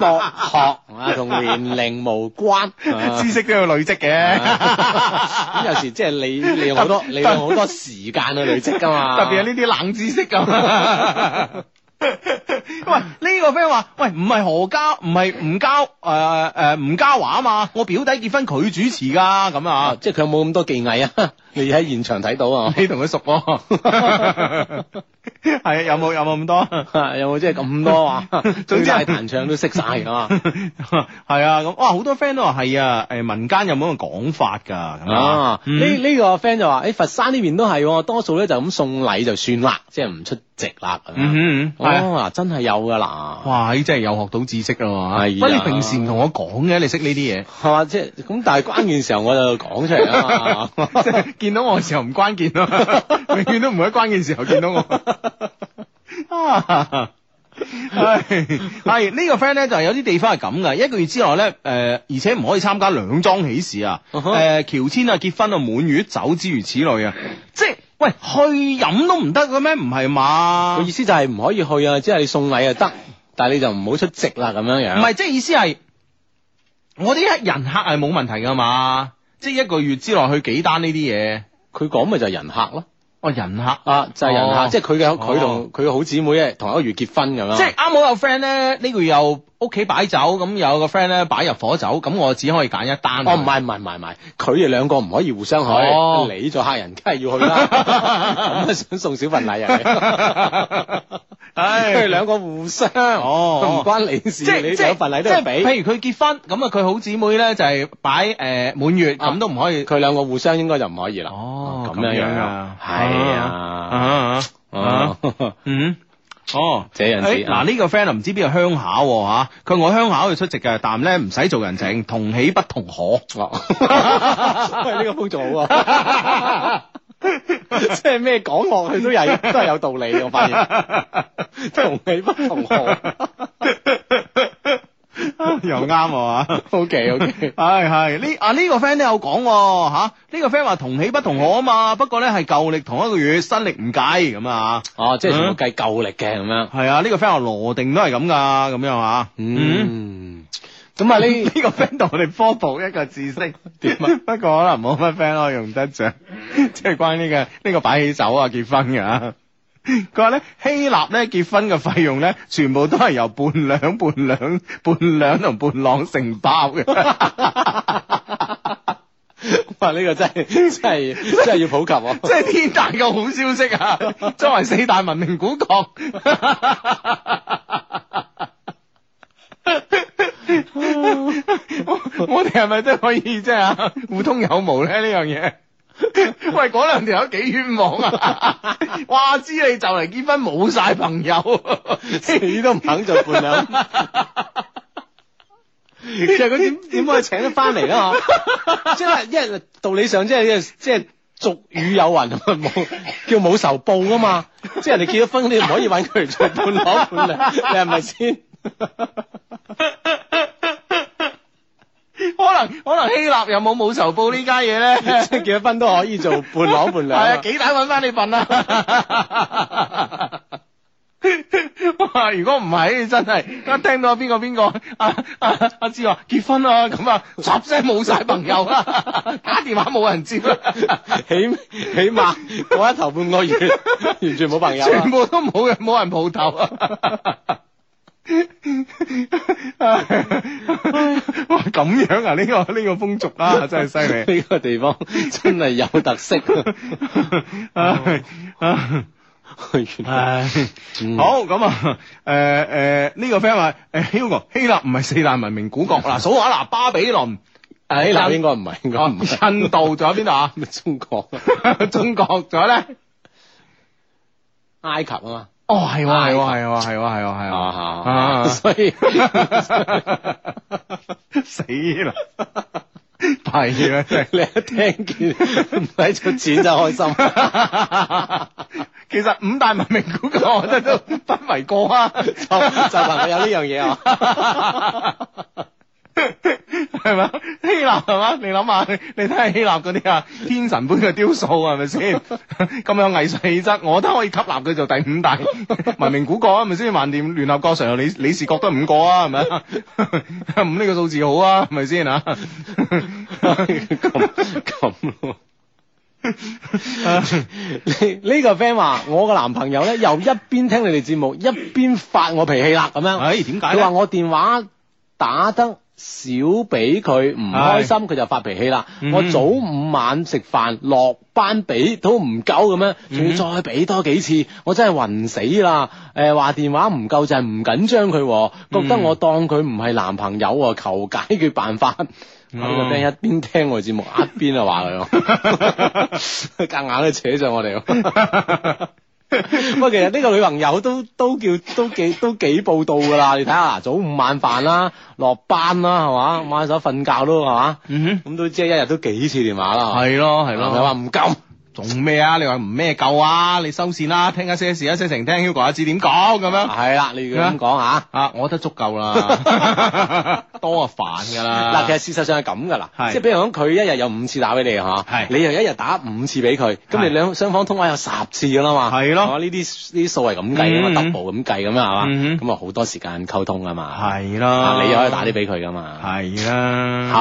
博學啊，同、嗯、 年齡無關， 啊、知識都要累積嘅。咁 有時即係你，你用好多，你用好多時間去累積噶嘛。 特別係呢啲冷知識咁。 喂，呢、這個 friend 話：喂，唔係何家，唔係吳家，誒、呃、誒、吳、呃、家華啊嘛，我表弟結婚佢主持噶，咁啊，啊，即係佢有冇咁多技藝啊？你喺現場睇到啊？你同佢熟喎，係啊？有冇有冇咁多？有冇即係咁多啊？總之係彈唱都識晒啊嘛，係啊咁哇！好多 friend 都話係啊，誒民間有冇咁嘅講法㗎？呢呢個 friend 就話誒佛山呢邊都係多數咧就咁送禮就算啦，即係唔出席啦。嗯啊，真係有㗎嗱。哇！真係有學到知識啊嘛！不如平時唔同我講嘅，你識呢啲嘢係嘛？即係咁，但係關鍵時候我就講出嚟啦。即係。見到我嘅時候唔關鍵咯，永遠都唔喺關鍵時候見到我、 啊。係呢、這個 friend 咧就係有啲地方係咁噶，一個月之內咧，誒、呃，而且唔可以參加兩樁喜事啊，誒、uh，喬遷啊，結婚啊，滿月酒之如此類啊，即係喂，去飲都唔得嘅咩？唔係嘛？個意思就係唔可以去啊，即、就、係、是、你送禮啊得，但係你就唔好出席啦咁樣樣。唔係，即係意思係我啲一人客係冇問題噶嘛？即係一個月之內去幾單呢啲嘢，佢講咪就係人客咯。哦，人客啊，就係人客，即係佢嘅佢同佢嘅好姊妹咧，同一個月結婚咁啊。即係啱好有 friend 咧，呢個月又屋企擺酒，咁有個 friend 咧擺入火酒，咁我只可以揀一單。哦，唔係唔係唔係唔係，佢哋兩個唔可以互相去，你做客人梗係要去啦。咁啊，想送小份禮啊。唉，佢哋兩個互相，哦，唔關你事，即係即係份禮都要俾。譬如佢結婚咁啊，佢好姊妹咧就係擺誒滿月，咁都唔可以。佢兩個互相應該就唔可以啦。哦，咁樣啊，係啊，哦，嗯，哦，這樣子。嗱，呢個 friend 就唔知邊個鄉下喎，佢我鄉下去出席嘅，但係咧唔使做人情，同喜不同可。喂，呢個好做啊！ 即係咩講落去都係都係有道理，我發現 同起不同學， 又啱啊！OK OK，係係呢啊呢、這個 friend 都有講吓，呢、啊這個 friend 話同起不同學啊嘛，不過咧係舊曆同一個月新曆唔計咁啊，哦、啊，即係全部計舊曆嘅咁樣，係、嗯、啊，呢、這個 friend 話羅定都係咁噶，咁樣啊，嗯。嗯咁啊呢呢個 friend 同我哋科普一個知識點，啊、 不過可能冇乜 friend 可以用得着，即係關於呢、這個呢、這個擺起酒啊結婚嘅、啊。佢話咧，希臘咧結婚嘅費用咧，全部都係由伴娘、伴娘、伴娘同伴郎承包嘅。啊， 呢、這個真係真係真係要普及啊！即 係天大嘅好消息啊！ 作為四大文明古國。 我哋係咪真可以即係互通有無咧？呢樣嘢，喂，嗰兩條友幾冤枉啊！哇，知你就嚟結婚冇晒朋友，你都唔肯做伴娘。 其實佢點點可以請得翻嚟啊？即係因為道理上、就是，即係即係俗語有云，冇叫冇仇報啊嘛！即係人哋結咗婚，你唔可以揾佢做伴郎伴娘，你係咪先？ 可能可能希臘有冇冇仇報，家呢家嘢咧？即係結咗婚都可以做伴郎伴娘。係、 哎、啊，幾大揾翻你份啊！哇！如果唔係真係，一聽到邊個邊個阿阿阿志話結婚啊，咁啊，十聲冇晒朋友啦，打電話冇人接啦、啊，起 起碼我一頭半個月完全冇朋友、啊，全部都冇冇人蒲頭啊！ 哇咁樣？啊，呢個呢個風俗啊，真係犀利！呢個地方真係有特色。原來好咁啊！誒誒，呢個 friend 話希希臘唔係四大文明古國嗱，數下嗱，巴比倫、希臘應該唔係應該唔係，印度仲有邊度啊？中國，中國仲有咧？埃及啊嘛。哦，係喎，係喎，係喎，係喎，係喎，係喎，所以死啦，係啊！你一聽見唔使出錢就開心， 其實五大文明古國我覺得都不為過啊 就，就就我有呢樣嘢啊。 係咪？ 希臘係嘛？你諗下，你睇下希臘嗰啲啊，天神般嘅雕塑係咪先？咁 有藝術氣質，我都可以吸納佢做第五大文明 古國啊，係咪先？橫掂聯合國常任理理事國得五個啊，係咪？五 呢個數字好啊，係咪先啊？咁咁呢個 friend 話：我個男朋友咧，又一邊聽你哋節目，一邊發我脾氣啦。咁樣，哎，點解？佢話我電話打得。少俾佢唔開心，佢是就發脾氣啦。嗯、哼我早午晚食飯落班俾都唔夠咁樣，仲要再俾多幾次，嗯、哼我真係暈死啦！誒、呃、話電話唔夠就係、是、唔緊張佢、哦，覺得我當佢唔係男朋友、哦，求解決辦法。嗯、 我呢個 friend 一邊聽我節目一邊啊話佢，夾 硬都扯上我哋。 唔係， 其實呢個女朋友都 都叫都幾都幾報道噶啦，你睇下嗱，早午晚飯啦，落班啦，係嘛，晚黑瞓覺咯，係嘛，嗯、哼，咁都即係一日都幾次電話啦，係咯係咯，佢話唔夠。做咩啊？你話唔咩夠啊？你收線啦，聽下些事啊，些成聽 Hugo 一次點講咁樣。係啦，你咁講吓啊，我覺得足夠啦，多啊煩噶啦。嗱，其實事實上係咁噶啦，即係比如講佢一日有五次打俾你吓，你又一日打五次俾佢，咁你兩雙方通話有十次噶啦嘛。係咯，呢啲呢啲數係咁計噶嘛，double 咁計咁樣係嘛，咁啊好多時間溝通噶嘛。係咯，你又可以打啲俾佢噶嘛。係啦，係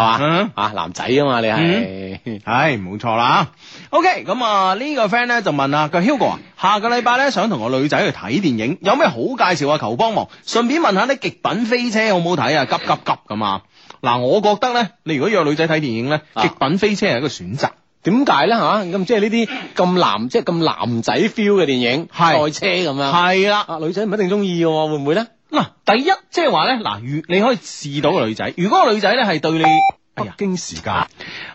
嘛，啊男仔啊嘛，你係，係冇錯啦。OK，咁啊。啊！這個、呢個 friend 咧就問啊，個囂哥啊，go, 下個禮拜咧想同個女仔去睇電影，有咩好介紹啊？求幫忙，順便問下啲《極品飛車》好唔好睇啊？急急急咁啊！嗱，我覺得咧，如你如果約女仔睇電影咧，啊《極品飛車》係一個選擇。點解咧吓？咁即係呢啲咁男，即係咁男仔 feel 嘅電影，賽是車咁樣。係啦了、啊，女仔唔一定中意嘅，會唔會咧？嗱、啊，第一即係話咧，嗱、啊，如、啊、你，你可以試，試到個女仔，如果個女仔咧係對你。北京時間，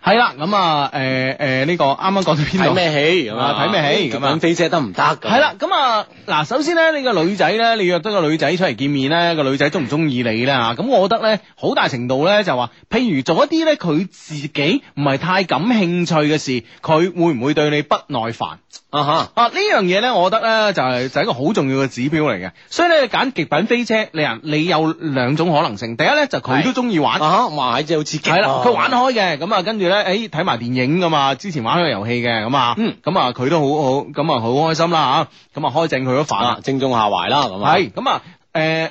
係啦，咁啊，誒誒呢個啱啱講到邊睇咩戲，係嘛，睇咩戲，戲，咁樣飛車得唔得？係啦，咁啊，嗱、啊，首先咧，你，女呢你個女仔咧，你約得個女仔出嚟見面咧，個女仔中唔中意你咧吓，咁我覺得咧，好大程度咧就話譬如做一啲咧佢自己唔係太感興趣嘅事，佢會唔會對你不耐煩。Uh huh. 啊哈！啊呢樣嘢咧，我覺得咧就係、是、就是、一個好重要嘅指標嚟嘅，所以咧揀極品飛車，你有你有兩種可能性，第一咧就佢、是、都鍾意玩，啊哈、uh，huh. 哇，好似、啊，刺激，係啦，佢玩開嘅，咁啊，跟住咧，誒，睇埋電影㗎嘛，之前玩個遊戲嘅，咁啊，嗯，咁啊，佢都好好，咁啊，好開心啦，吓，咁啊，開正佢嗰瓣，正中下懷啦，咁啊，係、呃，咁啊，誒。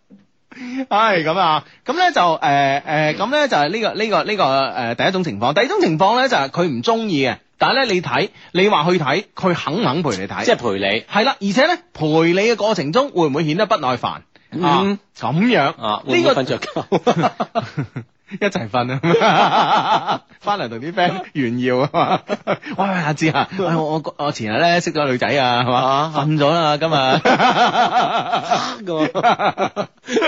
係咁、哎、啊，咁咧、呃、就誒、是、誒、這個，咁咧就係呢個呢、這個呢個誒第一種情況，第二種情況咧就係佢唔中意嘅，但係咧你睇，你話去睇，佢肯唔肯陪你睇，即係陪你，係啦，而且咧陪你嘅過程中會唔會顯得不耐煩？嗯，咁樣啊，呢、啊這個瞓着 一齊瞓啊！翻嚟同啲 friend 炫耀啊！喂阿志啊！我我我前日咧識咗個女仔啊，係嘛，瞓咗啦，今日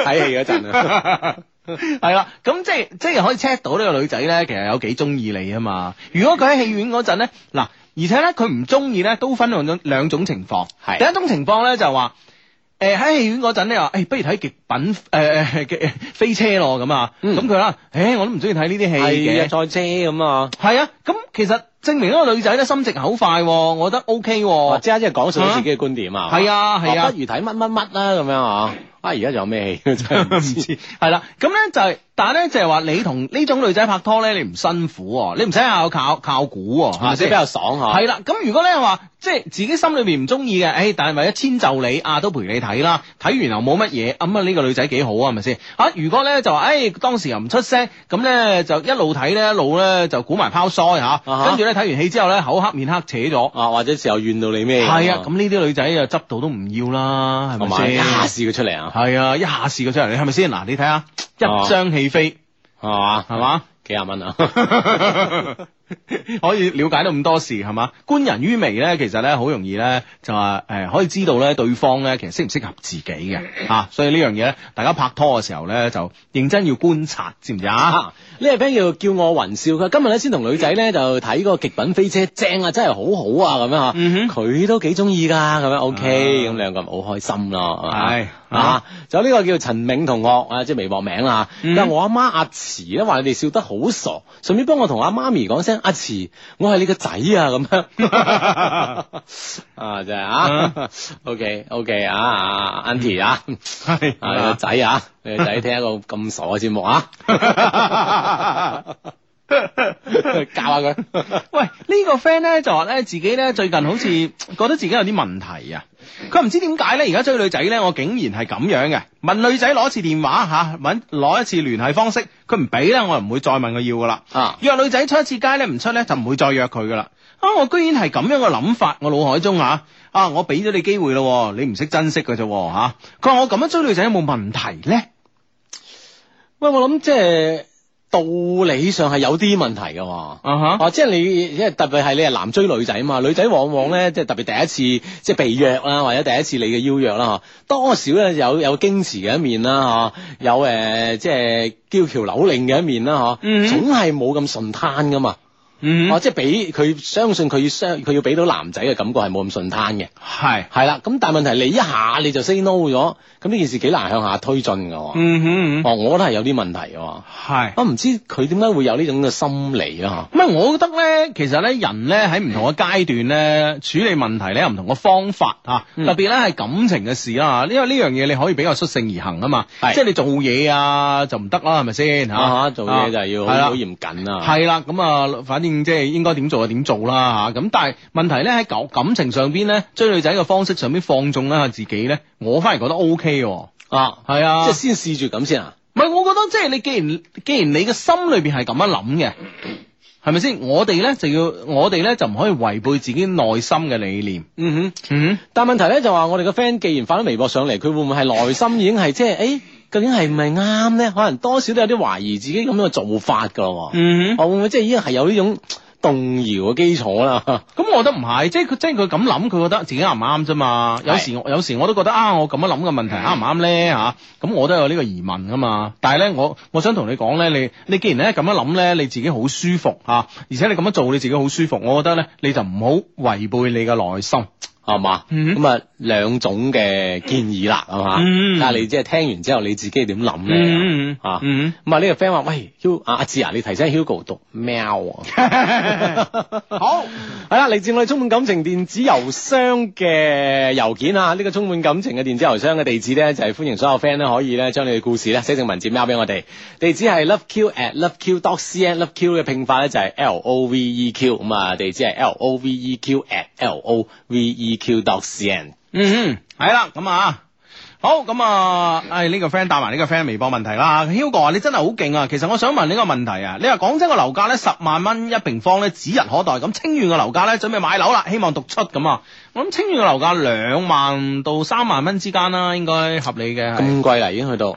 睇 戲嗰陣啊，係 啦。咁即係即係可以 check 到呢個女仔咧，其實有幾中意你啊嘛。如果佢喺戲院嗰陣咧，嗱，而且咧佢唔中意咧，都分兩種兩種情況。係的第一種情況咧，就係話。誒，喺戲、欸、院陣咧話，誒、欸、不如睇極品誒誒嘅飛車咯咁啊，咁佢啦，誒、欸，我都唔中意睇呢啲戲嘅，賽車咁啊，係啊，咁其實。證明嗰個女仔咧心直口快，我覺得 O K 喎。即係即係講出咗自己嘅觀點啊。係啊係啊，不如睇乜乜乜啦咁樣嚇。啊，而家仲有咩戲真係唔知。係啦，咁咧就係，但係咧就係話你同呢種女仔拍拖咧，你唔辛苦，你唔使靠靠靠估，嚇先比較爽啊。係啦，咁如果咧話即係自己心裏面唔中意嘅，誒，但係為咗遷就你啊，都陪你睇啦。睇完又冇乜嘢，咁啊呢個女仔幾好啊，係咪先？啊，如果咧就話，誒，當時又唔出聲，咁咧就一路睇咧，一路咧就估埋拋腮嚇，跟住咧。睇完戲之後咧，口黑面黑扯咗啊，或者時候怨到你咩？係啊，咁呢啲女仔又執到都唔要啦，係咪先？下試佢出嚟？啊？係啊，一下試佢出嚟，啊，你係咪先？嗱，你睇下一張戲飛係嘛？係嘛，啊啊啊？幾廿蚊啊？ 可以了解到咁多事係嘛？觀人於微咧，其實咧好容易咧，就話誒可以知道咧對方咧其實適唔適合自己嘅啊，所以呢樣嘢咧，大家拍拖嘅時候咧就認真要觀察，知唔知啊？你 friend 叫我雲笑噶今日咧先同女仔咧就睇個極品飛車，正啊，真係好好啊，咁樣嗬。佢都幾中意噶，咁樣 OK，咁兩個好開心咯。係啊，就呢個叫陳銘同學啊，即係微博名啦。但係我阿媽阿慈咧話你哋笑得好傻，順便幫我同阿媽咪講聲阿慈，我係你個仔啊，咁樣。啊，真係啊，OK OK 啊，Aunty 啊，係個仔啊。你仔聽一個咁傻嘅節目啊！ 教下佢。喂，這個、呢個 friend 咧就話咧自己咧最近好似覺得自己有啲問題啊。佢唔知點解咧，而家追女仔咧，我竟然係咁樣嘅。問女仔攞次電話吓、啊，問攞一次聯繫方式，佢唔俾咧，我就唔會再問佢要噶啦。約、啊、女仔出一次街咧，唔出咧就唔會再約佢噶啦。啊，我居然係咁樣嘅諗法，我腦海中啊啊，我俾咗你機會咯，你唔識珍惜噶啫吓。佢、啊、話我咁樣追女仔有冇問題咧？喂，我諗即係道理上係有啲問題嘅，啊吓、uh，啊、huh. 即係你，即係特別係你係男追女仔啊嘛，女仔往往咧即係特別第一次即係被約啦，或者第一次你嘅邀約啦，吓多少咧有有矜持嘅一面啦，吓有誒即係嬌俏扭擰嘅一面啦，嗬、uh，嗯、huh.，總係冇咁順攤噶嘛，嗯、huh.，啊即係俾佢相信佢要相佢要俾到男仔嘅感覺係冇咁順攤嘅，係係啦，咁、huh. 是但係問題你一下你就 say no 咗。咁呢件事幾難向下推進㗎喎，哦，我覺得係有啲問題㗎喎，係，我唔知佢點解會有呢種嘅心理啊。嚇，唔係我覺得咧，其實咧人咧喺唔同嘅階段咧處理問題咧有唔同嘅方法啊，特別咧係感情嘅事啦，因為呢樣嘢你可以比較率性而行啊嘛，即係你做嘢啊就唔得啦，係咪先？嚇，做嘢就係要好嚴謹啊，係啦，咁啊，反正即係應該點做就點做啦嚇，咁但係問題咧喺感情上邊咧追女仔嘅方式上邊放縱啦自己咧，我反而覺得 OK。啊，係啊，即係先試住咁先啊。唔係，我覺得即係你既然既然你嘅心裏邊係咁樣諗嘅，係咪先？我哋咧就要，我哋咧就唔可以違背自己內心嘅理念。嗯哼，嗯哼。但問題咧就話，我哋個 friend 既然發咗微博上嚟，佢會唔會係內心已經係即係？誒、欸，究竟係唔係啱咧？可能多少都有啲懷疑自己咁樣嘅做法噶咯。嗯哼，我會唔會即係已經係有呢種？動搖嘅基礎啦，咁 我覺得唔係，即係佢，即係佢咁諗，佢覺得自己啱唔啱啫嘛是有。有時有時我都覺得啊，我咁樣諗嘅問題啱唔啱咧吓，咁、嗯啊、我都有呢個疑問噶嘛。但係咧，我我想同你講咧，你你既然咧咁樣諗咧，你自己好舒服吓、啊，而且你咁樣做你自己好舒服，我覺得咧你就唔好違背你嘅內心，係嘛嗎，咁啊、嗯哼。兩種嘅建議啦，係嘛？嗯、但係你即係聽完之後，你自己點諗咧？嗯嗯、啊，咁啊呢個 friend 話：，喂 h u g 阿阿志啊，你提醒 h u g o 讀喵啊、哦！ 好，係啦，嚟自我哋充滿感情電子郵箱嘅郵件啊！呢、呢個充滿感情嘅電子郵箱嘅地址咧，就係、係、歡迎所有 friend 咧可以咧將你嘅故事咧寫成文字喵俾我哋。地址係 loveq at loveq dot cn，loveq 嘅拼法咧就係 l o v e q，咁啊地址係 l o v e q at l o v e q dot c n。嗯嗯，係啦，咁啊，好，咁啊，誒，呢、這個 friend 答埋呢個 friend 微博問題啦。Hugo 啊，你真係好勁啊！其實我想問呢個問題啊，你話廣州個樓價呢，十萬蚊一平方呢，指日可待，咁清遠個樓價呢，準備買樓啦，希望獨出咁啊。我諗清遠個樓價兩萬到三萬蚊之間啦、啊，應該合理嘅。咁貴嚟，已經去到。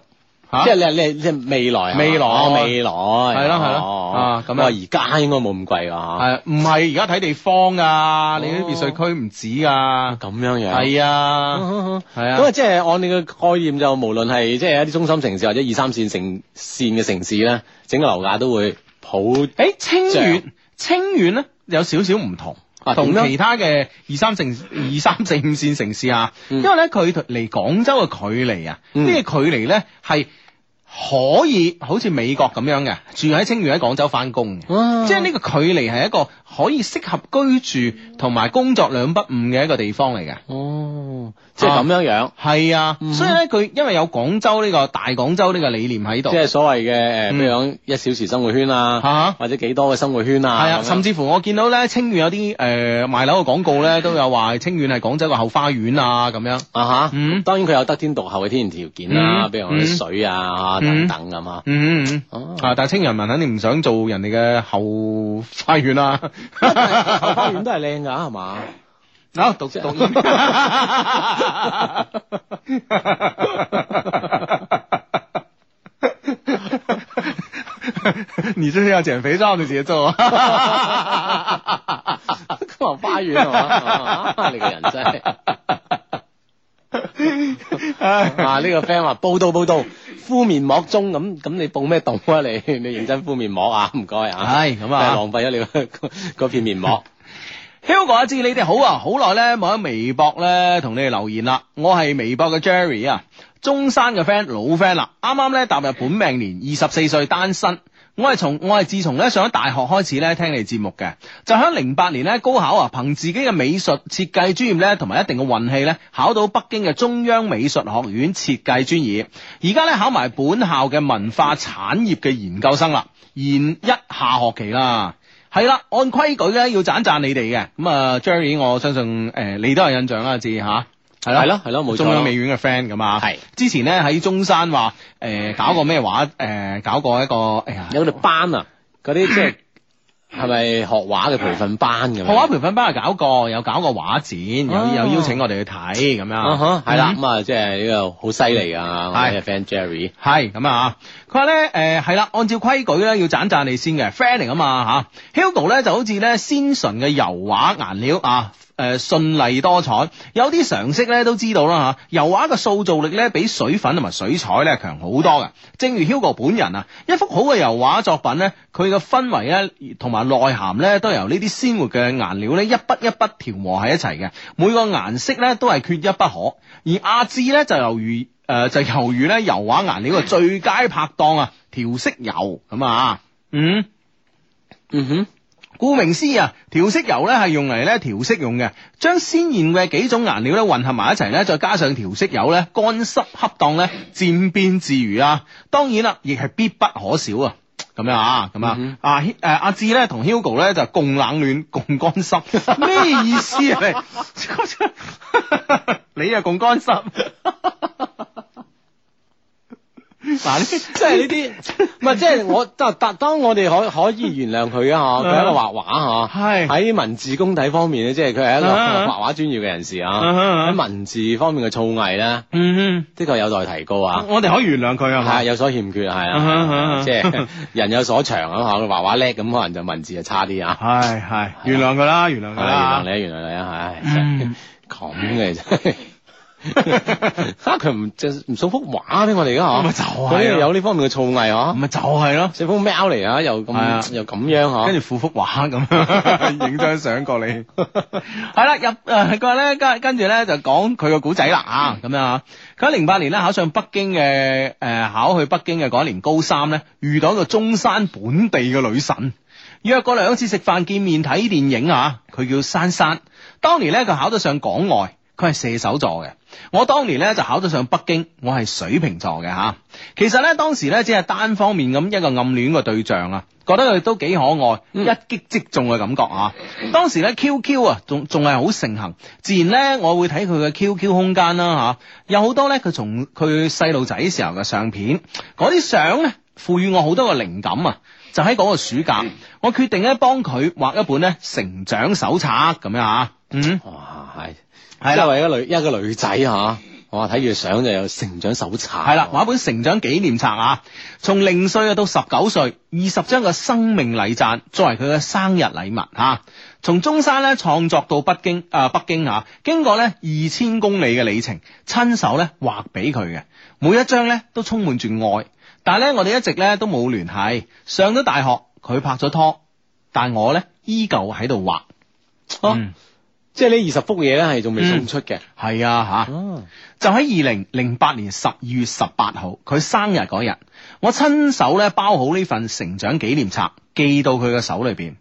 即係你你即係未來未來未來係咯係咯，啊，咁啊，而家應該冇咁貴嘅吓，係唔係而家睇地方噶？你啲別墅區唔止噶。咁樣樣係啊，係啊，咁啊，即係按你嘅概念就無論係即係一啲中心城市或者二三線城線嘅城市咧，整個樓價都會好。誒，清遠清遠咧有少少唔同。同其他嘅二三城、二三四五線城市啊，嗯、因為咧佢離廣州嘅距離啊，呢個、嗯、距離咧係。可以好似美國咁樣嘅，住喺清遠喺廣州翻工，即係呢個距離係一個可以適合居住同埋工作兩不誤嘅一個地方嚟嘅。哦，即係咁樣樣。係啊，所以咧佢因為有廣州呢個大廣州呢個理念喺度，即係所謂嘅誒咁樣一小時生活圈啊，或者幾多嘅生活圈啊。係啊，甚至乎我見到咧清遠有啲誒賣樓嘅廣告咧，都有話清遠係廣州嘅後花園啊咁樣啊嚇。嗯，當然佢有得天獨厚嘅天然條件啊，比如話啲水啊。等等噶嘛，嗯嗯啊！大清人民肯定唔想做人哋嘅後花園啦，後花園都係靚噶係嘛，嗱、啊，讀讀。你這是要減肥照的節奏啊！後 花園啊，你個人真係啊！呢、這個 friend 話報道報道。敷面膜中，咁咁你泵咩洞啊？你你認真敷面膜啊唔該啊，係咁啊浪費咗你個片面膜。Hugo 啊，知你哋好啊，好耐咧，冇喺微博咧同你哋留言啦。我係微博嘅 Jerry 啊，中山嘅 friend 老 friend 啦、啊，啱啱咧踏入本命年，二十四歲單身。我係從我係自從咧上咗大學開始咧聽你節目嘅，就喺零八年咧高考啊，憑自己嘅美術設計專業咧，同埋一定嘅運氣咧，考到北京嘅中央美術學院設計專業，而家咧考埋本校嘅文化產業嘅研究生啦，研一下學期啦，係啦，按規矩咧要讚讚你哋嘅，咁、嗯、啊，Jerry，我相信誒、呃、你都有印象啦，至。吓、啊。係咯，係咯，冇中央美院嘅 friend 噶嘛？係是之前咧喺中山話，誒、呃，搞過咩畫？誒、呃，搞過一個，哎呀，有啲班啊，嗰啲 即係係咪學畫嘅培訓班咁？學畫培訓班係搞過，有搞過畫展，啊啊有有邀請我哋去睇咁樣，係啦，咁是啊，即係呢個好犀利噶，我嘅 friend Jerry 係咁啊，佢話咧，誒，係啦，按照規矩咧，要讚讚你先嘅，friend 嚟噶嘛吓，Hugo 咧就好似咧鮮純嘅油畫顏料啊。誒，絢麗多彩，有啲常識咧都知道啦吓，油畫嘅塑造力咧比水粉同埋水彩咧強好多㗎。正如 Hugo 本人啊，一幅好嘅油畫作品咧，佢嘅氛圍啊，同埋內涵咧，都由呢啲鮮活嘅顏料咧，一筆一筆調和喺一齊嘅。每個顏色咧都係缺一不可。而阿志咧就猶如誒、呃，就猶如咧油畫顏料嘅最佳拍檔啊，調色油咁啊，嗯，嗯哼。嗯哼顧名思義啊，調色油咧係用嚟咧調色用嘅，將鮮艷嘅幾種顏料咧混合埋一齊咧，再加上調色油咧，乾濕恰當咧，漸變自如啊。當然啦，亦係必不可少啊。咁樣啊，咁啊，阿誒阿志咧同 Hugo 咧就是、共冷暖，共乾濕，咩意思啊？ 你啊共乾濕。 即係呢啲，唔係即係我，當當當我哋可可以原諒佢啊，佢係一個畫畫啊，係喺文字功底方面咧，即係佢係一個畫畫專業嘅人士啊，喺文字方面嘅造詣咧，嗯哼，的確有待提高啊。我哋可以原諒佢啊，係有所欠缺係，即係人有所長啊，吓佢畫畫叻，咁可能就文字就差啲啊。係係原諒佢啦，原諒佢啦，原諒你，原諒你啊，係。咁嘅。吓佢唔即唔送幅畫俾我哋噶嗬，咁咪就係、啊、有呢方面嘅創意啊？咁咪就係咯、啊，啊、四幅貓嚟啊，又咁、啊、又咁樣嗬，跟住附幅畫咁樣影張相過你。係啦，入誒佢話咧跟跟住咧就講佢個古仔啦吓，咁樣啊，佢喺零八年咧考上北京嘅誒、呃、考去北京嘅嗰年高三咧，遇到一個中山本地嘅女神，約過兩次食飯見面睇電影啊。佢叫珊珊，當年咧佢考得上港外，佢係射，射手座嘅。我當年咧就考咗上北京，我係水瓶座嘅吓。其實咧當時咧只係單方面咁一個暗戀個對象啊，覺得佢都幾可愛，嗯、一擊即中嘅感覺啊。當時咧 QQ 啊，仲仲係好盛行，自然咧我會睇佢嘅 QQ 空間啦吓，有好多咧佢從佢細路仔時候嘅相片，嗰啲相咧賦予我好多嘅靈感啊。就喺嗰個暑假，我決定咧幫佢畫一本咧成長手冊咁樣啊。嗯，哇係係啦，為一個女 一個女仔吓，我睇住相就有成長手冊。係啦、 啊，畫一本成長紀念冊啊，從零歲啊到十九歲，二十張嘅生命禮讚，作為佢嘅生日禮物吓。從、啊、中山咧創作到北京，誒、啊、北京吓、啊，經過咧二千公里嘅里程，親手咧畫俾佢嘅。每一張咧都充滿住愛，但係咧我哋一直咧都冇聯繫。上咗大學，佢拍咗拖，但我咧依舊喺度畫。嗯、啊。 即係呢二十幅嘢咧，係仲未送出嘅。係、嗯、啊，吓、oh.，就喺二零零八年十二月十八號，佢生日嗰日，我親手咧包好呢份成長紀念冊，寄到佢嘅手裏邊。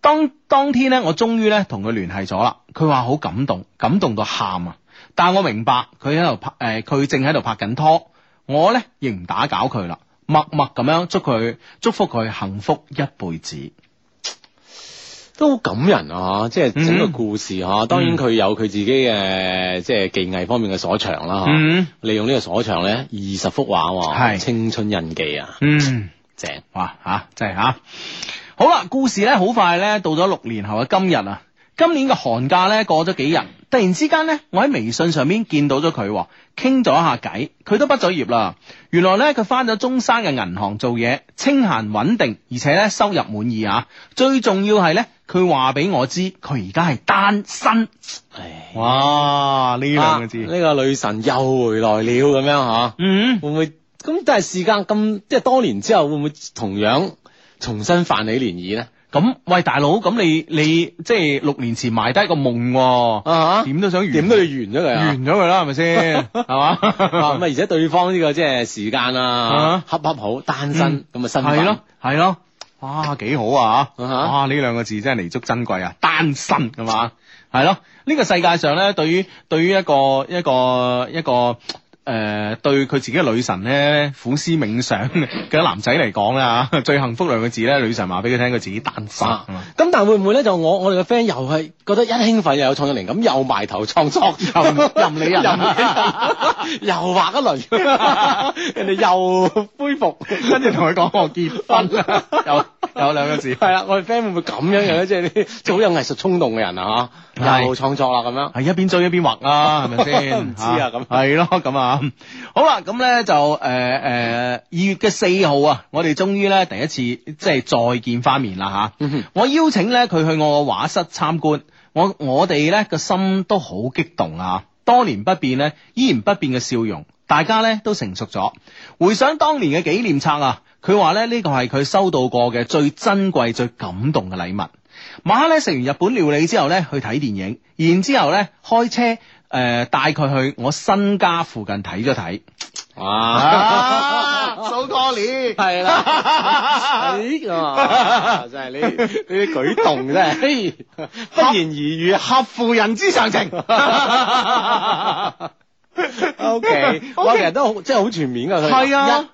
當當天咧，我終於咧同佢聯繫咗啦。佢話好感動，感動到喊啊！但我明白佢喺度拍，誒、呃，佢正喺度拍緊拖，我咧亦唔打攪佢啦，默默咁樣祝佢祝福佢幸福一輩子。都好感人啊！即係整個故事吓、啊，嗯、當然佢有佢自己嘅即係技藝方面嘅所長啦、啊、吓，嗯、利用呢個所長咧，二十幅畫係、啊、係青春印記啊，嗯，正哇吓、啊，真係吓、啊，好啦，故事咧好快咧到咗六年後嘅今日啊。今年嘅寒假咧過咗幾日，突然之間咧，我喺微信上面見到咗佢，傾咗一下偈。佢都畢咗業啦，原來咧佢翻咗中山嘅銀行做嘢，清閒穩定，而且咧收入滿意啊。最重要係咧，佢話俾我知，佢而家係單身。哇！呢、哎、哇兩個字，呢、啊這個女神又回來了咁樣吓，啊、嗯，會唔會咁？但係時間咁即係多年之後，會唔會同樣重新泛起漣漪咧？咁，喂，大佬，咁你你即係六年前埋低一個夢，點、uh huh. 都想完，點都要完咗佢，完咗佢啦，係咪先？係嘛？咁啊，而且對方呢個即係時間啊，恰恰、uh huh. 好單身咁啊，uh huh. 身係咯，係咯、 嗯，哇，幾好啊！Uh huh. 哇，呢兩個字真係彌足珍貴啊，單身，係嘛？係咯，呢、這個世界上咧，對於對於一個一個一個。一個一個一個一個誒、呃，對佢自己嘅女神咧，苦思冥想，嘅男仔嚟講咧，最幸福兩個字咧，女神話俾佢聽，佢自己單身。咁、啊嗯、但係會唔會咧？就我我哋嘅 friend 又係覺得一興奮又有創作靈感，又埋頭創作，又唔理人唔理人，又畫 一輪， 人哋又恢復， 跟住同佢講我結婚。有兩個字，係啦， 我哋 friend 會唔會咁樣樣咧？即係啲即係好有藝術衝動嘅人啊！嗬，又創作啦咁樣，係 一邊追一邊畫啦，係咪先？唔知啊，咁係咯，咁 啊， 好啦，咁咧就誒誒二月嘅四號啊，我哋終於咧第一次即係再見返面啦嚇！ 我邀請咧佢去我個畫室參觀，我我哋咧個心都好激動啊！多年不變咧，依然不變嘅笑容，大家咧都成熟咗。回想當年嘅紀念冊啊！佢話咧呢個係佢收到過嘅最珍貴、最感動嘅禮物。晚黑咧食完日本料理之後咧，去睇電影，然之後咧開車誒、呃、帶佢去我新家附近睇咗睇。哇、啊！數過年係啦，哇、哎！真係呢呢啲舉動真係不言而喻，合乎人之常情。OK，我其實都好即係好全面㗎，佢係啊。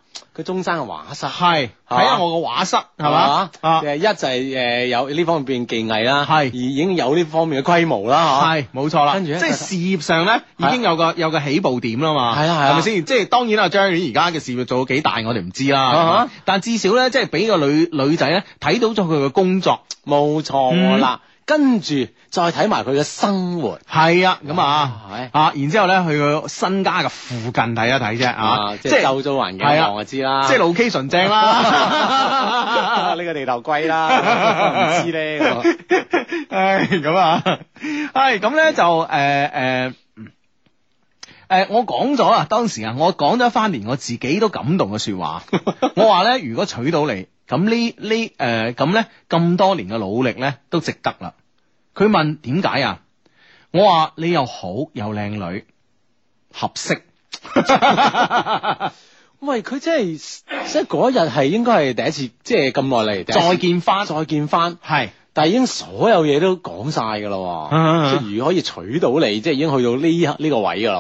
中山嘅畫室係，睇下我個畫室係嘛，誒一就係誒有呢方面技藝啦，係而已經有呢方面嘅規模啦，係冇錯啦，跟住即係事業上咧已經有個有個起步點啦嘛，係啊係，係咪先？即係當然啦，張遠而家嘅事業做到幾大我哋唔知啦，但至少咧即係俾個女女仔咧睇到咗佢嘅工作，冇錯啦，跟住。再睇埋佢嘅生活，係啊，咁哇啊，是啊看看，啊，然之後咧去佢新家嘅附近睇一睇啫，啊，即係周遭環境，啊啊，我知啦，即係老 K 純正啦，呢個地頭龜啦，唔知咧，那個 啊、 唉，咁啊，係，咁咧就誒誒誒，我講咗啊，當時啊，我講咗翻連我自己都感動嘅說話， 我話咧，如果娶到你，咁、呃這個、呢呢誒，咁咧咁多年嘅努力咧，都值得啦。佢問點解啊？我話，你又好又靚女，合適 喂，佢真係即係嗰一日係應該，係第一次，即係咁耐嚟再見翻，再見翻，係。但係已經所有嘢都講晒㗎啦，即係如果可以娶到你，即係已經去到呢呢個位㗎啦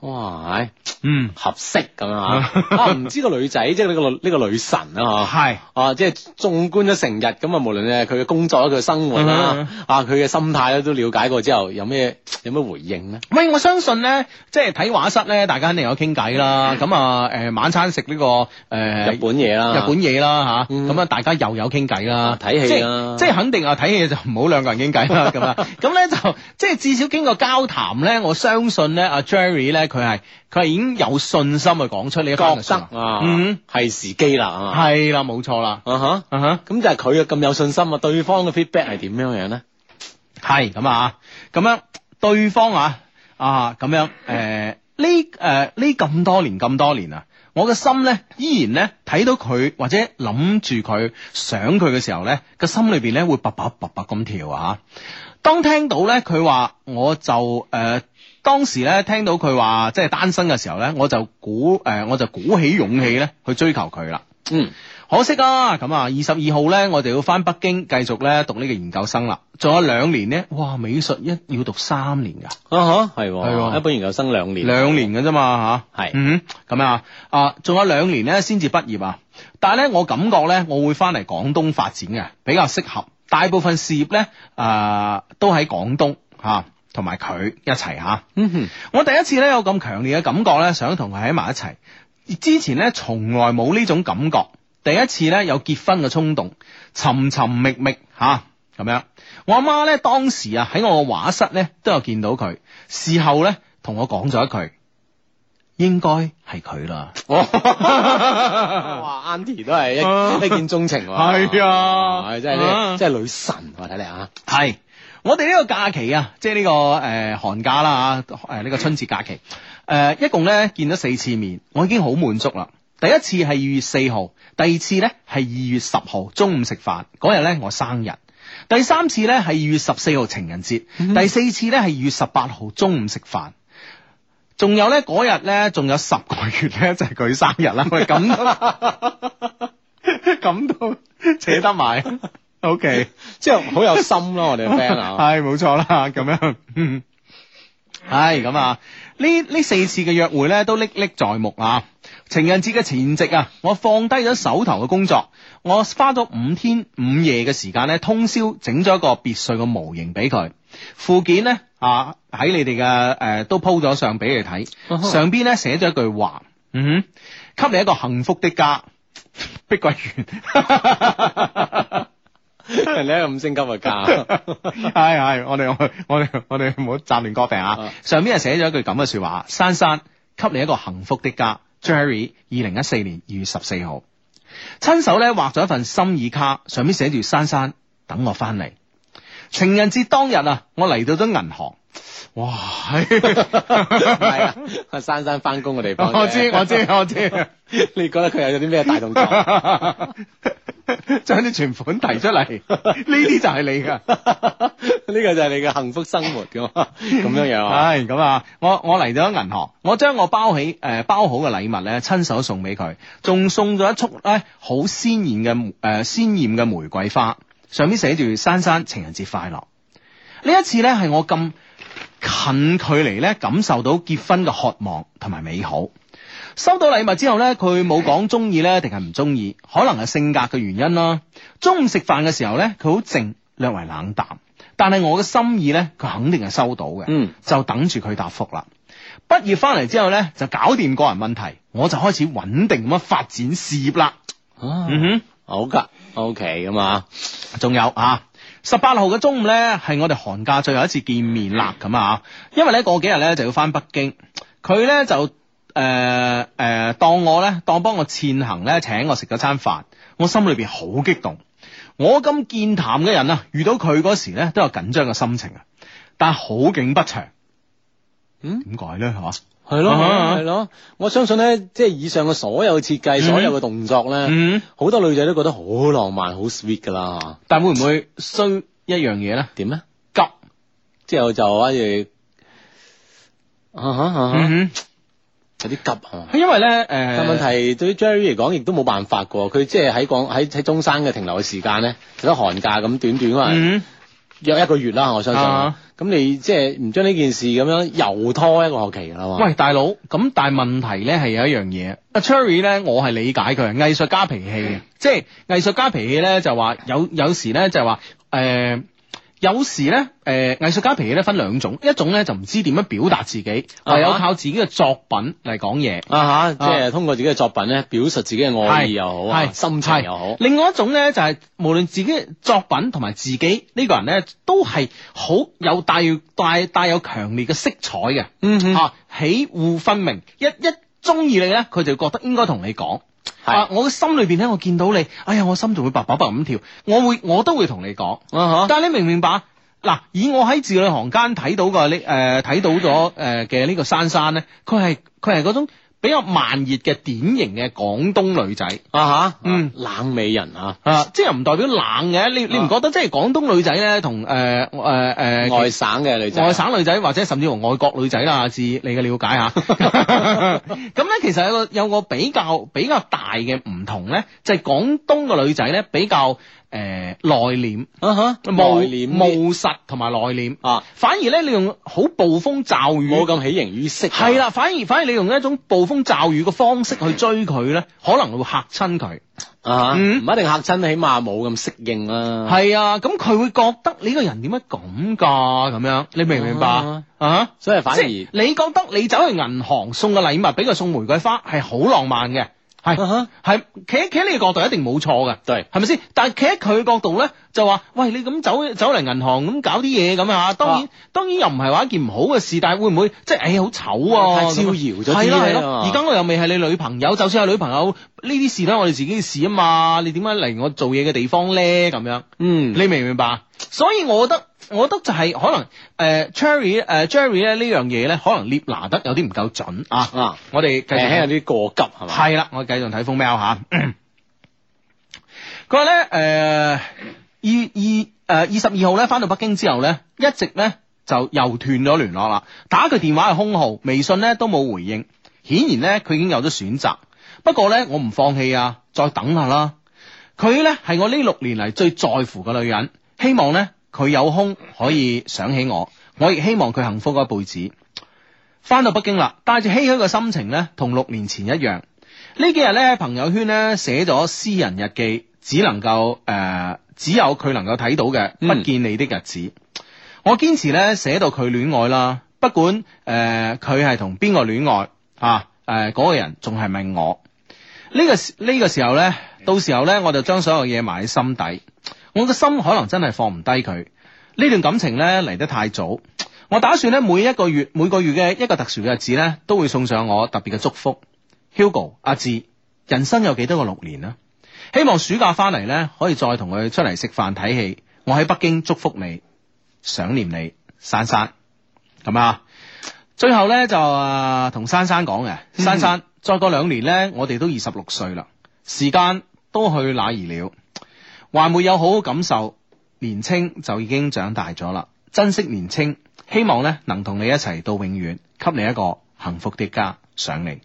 喎！哇，嗯，合適咁樣啊！啊，唔知個女仔即係呢個呢個女神啊嚇，係啊，即係縱觀咗成日咁啊，無論誒佢嘅工作啦、佢生活啦、啊佢嘅心態啦，都了解過之後，有咩有咩回應咧？喂，我相信咧，即係睇畫室咧，大家肯定有傾偈啦。咁啊，誒晚餐食呢個誒日本嘢啦，日本嘢啦嚇。咁啊，大家又有傾偈啦，睇戲啦，肯定啊！睇戲就唔好兩個人傾偈啦，咁啊， 咁咧就即係至少經過交談咧，我相信咧，阿 Jerry 咧，佢係佢係已經有信心去講出你嘅覺得啊，嗯，係時機啦、啊，係啦，冇錯啦，啊哈，啊哈，咁就係佢啊咁有信心啊，對方嘅 feedback 係點樣樣咧？係咁啊，咁樣對方啊啊咁樣誒呢誒呢咁多年咁多年啊！我嘅心咧，依然咧睇到佢或者諗住佢想佢嘅時候咧，個心裏邊咧會白白白白咁跳啊！當聽到咧佢話，我就誒、呃，當時咧聽到佢話即係單身嘅時候咧，我就鼓誒、呃，我就鼓起勇氣咧去追求佢啦。嗯。可惜啊，咁啊，二十二號咧，我哋要翻北京繼續咧讀呢個研究生啦。仲有兩年呢，哇，美術一要讀三年噶啊，啊，係係、啊啊、一本研究生兩年兩年嘅啫嘛吓，係嗯咁啊啊，仲、啊、有兩年咧先至畢業啊。但係咧，我感覺咧，我會翻嚟廣東發展嘅，比較適合大部分事業咧、呃、啊，都喺廣東吓，同埋佢一齊吓。嗯哼，我第一次咧有咁強烈嘅感覺咧，想同佢喺埋一齊，而之前咧從來冇呢種感覺。第一次咧有結婚嘅衝動，尋尋覓覓吓咁樣。我阿媽咧當時啊喺我嘅畫室咧都有見到佢，事後咧同我講咗一句，應該係佢啦。 哇，Auntie 都係一見鍾情，係啊，真係真係女神、啊，我睇你啊。係我哋呢個假期啊，即係呢個誒、呃、寒假啦吓，誒呢個春節假期，誒、呃嗯、一共咧見咗四次面，我已經好滿足啦。第一次係二月四號，第二次咧係二月十號中午食飯嗰日咧我生日，第三次咧係二月十四號情人節，嗯、第四次咧係二月十八號中午食飯，仲有咧嗰日咧仲有十個月咧就係、係、佢生日啦，咁咁 都， 都扯得埋，OK，即係好有心咯，我哋嘅 friend 啊，係冇錯啦，咁樣，係咁啊，呢呢四次嘅約會咧都歷歷在目啊。情人節嘅前夕啊，我放低咗手頭嘅工作，我花咗五天五夜嘅時間咧，通宵整咗一個別墅嘅模型俾佢附件咧啊，喺你哋嘅誒都鋪咗相俾你睇，上邊咧寫咗一句話，嗯哼，給你一個幸福的家，碧桂園，你一個五星級嘅家，係 係、 哎哎、我哋我我哋我哋唔好站亂割病啊。上，啊上邊係寫咗一句咁嘅說話，珊珊，給你一個幸福的家。Jerry 二零一四年二月十四號親手呢畫咗一份心意卡，上面寫住珊珊，等我翻嚟。情人節當日啊，我嚟到咗銀行，哇！係、 啊、珊珊翻工嘅地方我，我知我知我知。 你覺得佢有咗啲咩大動作？ 將啲存款提出嚟，呢啲 就係你噶，呢個就係你嘅幸福生活噶，咁 樣、哎、樣係咁啊！我我嚟咗銀行，我將我包起誒、呃、包好嘅禮物咧，親手送俾佢，仲送咗一束咧、哎、好鮮艷嘅誒鮮艷嘅玫瑰花，上面寫住珊珊情人節快樂。呢一次咧係我咁近距離咧感受到結婚嘅渴望同埋美好。收到禮物之後呢佢冇講中意呢定係唔中意？可能係性格嘅原因啦。中午食飯嘅時候呢佢好靜，略為冷淡。但係我嘅心意呢佢肯定係收到嘅。嗯，就等住佢答覆啦。畢業翻嚟之後呢就搞掂個人問題，我就開始穩定咁發展事業啦。啊、嗯哼，好噶，O K 啊嘛。仲有啊，十八號嘅中午呢係我哋寒假最後一次見面啦。咁啊，因為呢過幾日呢就要翻北京，佢呢就。誒誒、呃呃，當我咧，當幫我餞行咧，請我食咗餐飯，我心裏邊好激動。我咁健談嘅人啊，遇到佢嗰時咧，都有緊張嘅心情啊。但好景不長，嗯，點解咧？係嘛？係咯，係、啊、咯，咯。我相信咧，即係以上嘅所有設計，嗯、所有嘅動作咧，好、嗯、多女仔都覺得好浪漫、好 sweet 噶啦。但係會唔會衰一樣嘢咧？點咧？急，之後就好住。有啲急啊！因為咧，誒、呃，但係問題對 Jerry 嚟講，亦都冇辦法噶。佢即係喺廣喺喺中山嘅停留嘅時間咧，就得寒假咁短短啊，陣、嗯，約一個月啦。我相信。咁你即係唔將呢件事咁樣又拖一個學期啦嘛？啊、喂，大佬，咁但係問題咧係有一樣嘢，阿 Jerry 咧，我係理解佢，藝術家脾氣，嗯、即係藝術家脾氣咧就話有有，有時咧就話、是、誒。呃有時咧，誒、呃，藝術家脾氣咧分兩種，一種咧就唔知點樣表達自己，唯、uh huh. 有靠自己嘅作品嚟講嘢啊吓，即係通過自己嘅作品咧，表述自己嘅愛意又好，係心情又好。另外一種咧就係、是、無論自己嘅作品同埋自己呢、這個人咧，都係好有帶帶帶有強烈嘅色彩嘅，嗯、uh，吓、huh. 喜惡分明，一一中意你咧，佢就覺得應該同你講。啊！我嘅心裏邊咧，我見到你，哎呀，我心就會白白白咁跳，我會我都會同你講，uh huh. 但係你明唔明白？嗱、啊，以我喺字裏行間睇到，呃到呃、個珊珊呢誒，睇到咗誒嘅呢個珊珊咧，佢係佢係嗰種。比較慢熱嘅典型嘅廣東女仔啊吓，嗯、啊，冷美人啊，啊，即係唔代表冷嘅，你、啊、你唔覺得即係廣東女仔咧同誒誒誒外省嘅女仔、啊，外省女仔或者甚至乎外國女仔啦，至你嘅了解吓，咁咧 其實有個有個比較比較大嘅唔同咧，就係、是、廣東嘅女仔咧比較。誒，內斂、呃、啊哈，內斂務實同埋內斂啊，反而咧你用好暴風驟雨，冇咁喜形於色，係啦，反而反而你用一種暴風驟雨嘅方式去追佢咧，可能會吓親佢啊哈，唔、嗯、一定吓親，起碼冇咁適應啊。係啊，咁佢會覺得你個人點解咁噶咁樣？你明唔明白啊？啊哈所以反而，你覺得你走去銀行送個禮物俾佢，送玫瑰花係好浪漫嘅。係，係，企喺企喺你嘅角度一定冇錯噶，對，係咪先？但係企喺佢嘅角度咧，就話，喂，你咁走走嚟銀行咁搞啲嘢咁啊，當然，啊、當然又唔係話一件唔好嘅事，但係會唔會即係，哎，好醜啊，太招搖咗啲嘢啊！而家的我又未係你女朋友，就算係女朋友，呢啲事都係我哋自己嘅事啊嘛，你點解嚟我做嘢嘅地方咧？咁樣，嗯，你明唔明白？所以我覺得。我覺得就係可能誒、呃、，Cherry 誒、呃、，Jerry 咧呢樣嘢咧，可能捏拿得有啲唔夠準啊！啊我哋繼續聽下啲過急係嘛？係啦、呃吧，我繼續睇封 mail 吓。佢話咧，誒二二誒二十二號咧，返、呃、到北京之後咧，一直咧就又斷咗聯絡啦，打佢電話係空號，微信咧都冇回應，顯然咧佢已經有咗選擇。不過咧我唔放棄啊，再等下啦。佢咧係我呢六年嚟最在乎嘅女人，希望咧。佢有空可以想起我，我亦希望佢幸福過一輩子。翻到北京啦，帶住唏噓嘅心情咧，同六年前一樣。呢幾日咧喺朋友圈咧寫咗私人日記，只能夠誒、呃，只有佢能夠睇到嘅，嗯、不見你的日子。我堅持咧寫到佢戀愛啦，不管誒佢係同邊個戀愛啊，誒、呃、嗰、那個人仲係咪我？呢、這個呢、這個時候咧，到時候咧我就將所有嘢埋喺心底。我嘅心可能真係放唔低佢，呢段感情咧嚟得太早。我打算咧每一個月每個月嘅一個特殊嘅日子咧都會送上我特別嘅祝福。Hugo 阿志，人生有幾多個六年啊？希望暑假翻嚟咧可以再同佢出嚟食飯睇戲。我喺北京祝福你，想念你，珊珊咁啊。最後咧就啊同、呃、珊珊講嘅，珊珊、嗯、再過兩年咧我哋都二十六歲啦，時間都去哪兒了？還沒有好好感受，年青就已經長大咗啦，珍惜年青，希望咧能同你一齊到永遠，給你一個幸福的家，想你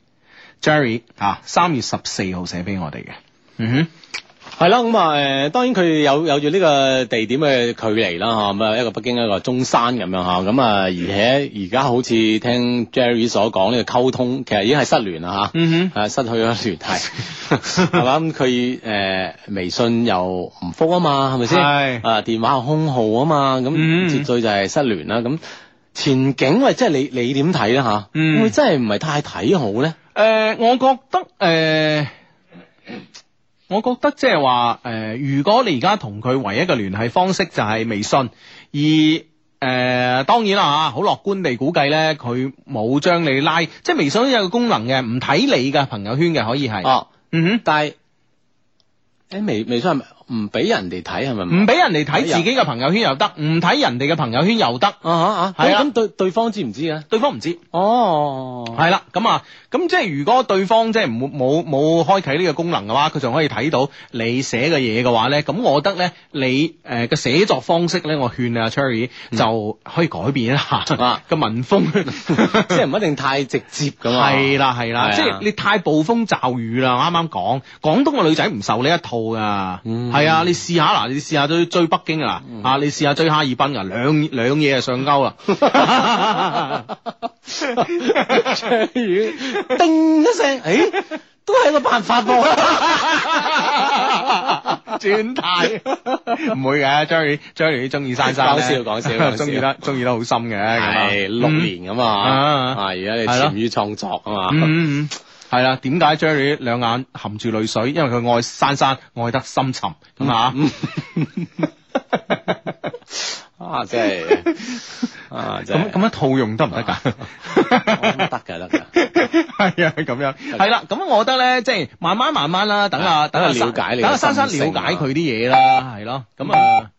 ，Jerry 啊，三月十四號寫俾我哋嘅，嗯哼。係啦，咁啊，誒、嗯，當然佢有有住呢個地點嘅距離啦，吓，咁啊，一個北京，一個中山咁樣吓，咁啊，而且而家好似聽 Jerry 所講，呢個溝通其實已經係失聯啦，吓，嗯哼，啊，失去咗聯繫，係嘛，咁佢，誒，微信又唔覆啊嘛，係咪先？係是啊，電話又空號啊嘛，咁，嗯，接續就係失聯啦，咁前景喂，即係你你點睇咧吓？嗯，會，會真係唔係太睇好咧？誒、呃，我覺得誒。呃我覺得即係話，誒、呃，如果你而家同佢唯一嘅聯繫方式就係微信，而誒、呃，當然啦吓，好樂觀地估計咧，佢冇將你拉，即係微信都有個功能嘅，唔睇你嘅朋友圈嘅，可以係。哦、啊，嗯哼，但係誒、欸、微微信係咪？唔俾人哋睇係咪？唔俾人哋睇自己嘅朋友圈又得，唔睇人哋嘅朋友圈又得。啊啊，係啊。咁對對方知唔知啊？對方唔知。哦、oh.，係啦。咁啊，咁即係如果對方即係冇冇冇開啟呢個功能嘅話，佢仲可以睇到你寫嘅嘢嘅話咧，咁我覺得咧，你誒嘅寫作方式咧，我勸阿、啊、Cherry 就可以改變一下個文風，即係唔一定太直接咁啊。係啦係啦，即係了你太暴風驟雨啦。啱啱講廣東嘅女仔唔受呢一套噶。嗯。係、嗯、啊，你試下啦，你試下追追北京啊，嚇你試下追哈爾濱啊，兩兩嘢就上勾啦。張宇，叮一聲，誒，都係一個辦法噃。轉態，唔會嘅，張宇張宇都中意晒，山山。講笑講笑，中意得中意得好深嘅，係唉六年咁、嗯、啊，啊而家你潛於創作啊嘛。嗯嗯。係啦，點解 Jerry 兩眼含住淚水？因為佢愛珊珊，愛得深沉，咁啊！啊，即係啊，咁咁樣套用得唔得噶？得噶，得噶，係啊，係咁樣。係啦，咁我覺得咧，即係慢慢慢慢啦，等下等下了解你。等下珊珊了解佢啲嘢啦，係咯，咁啊。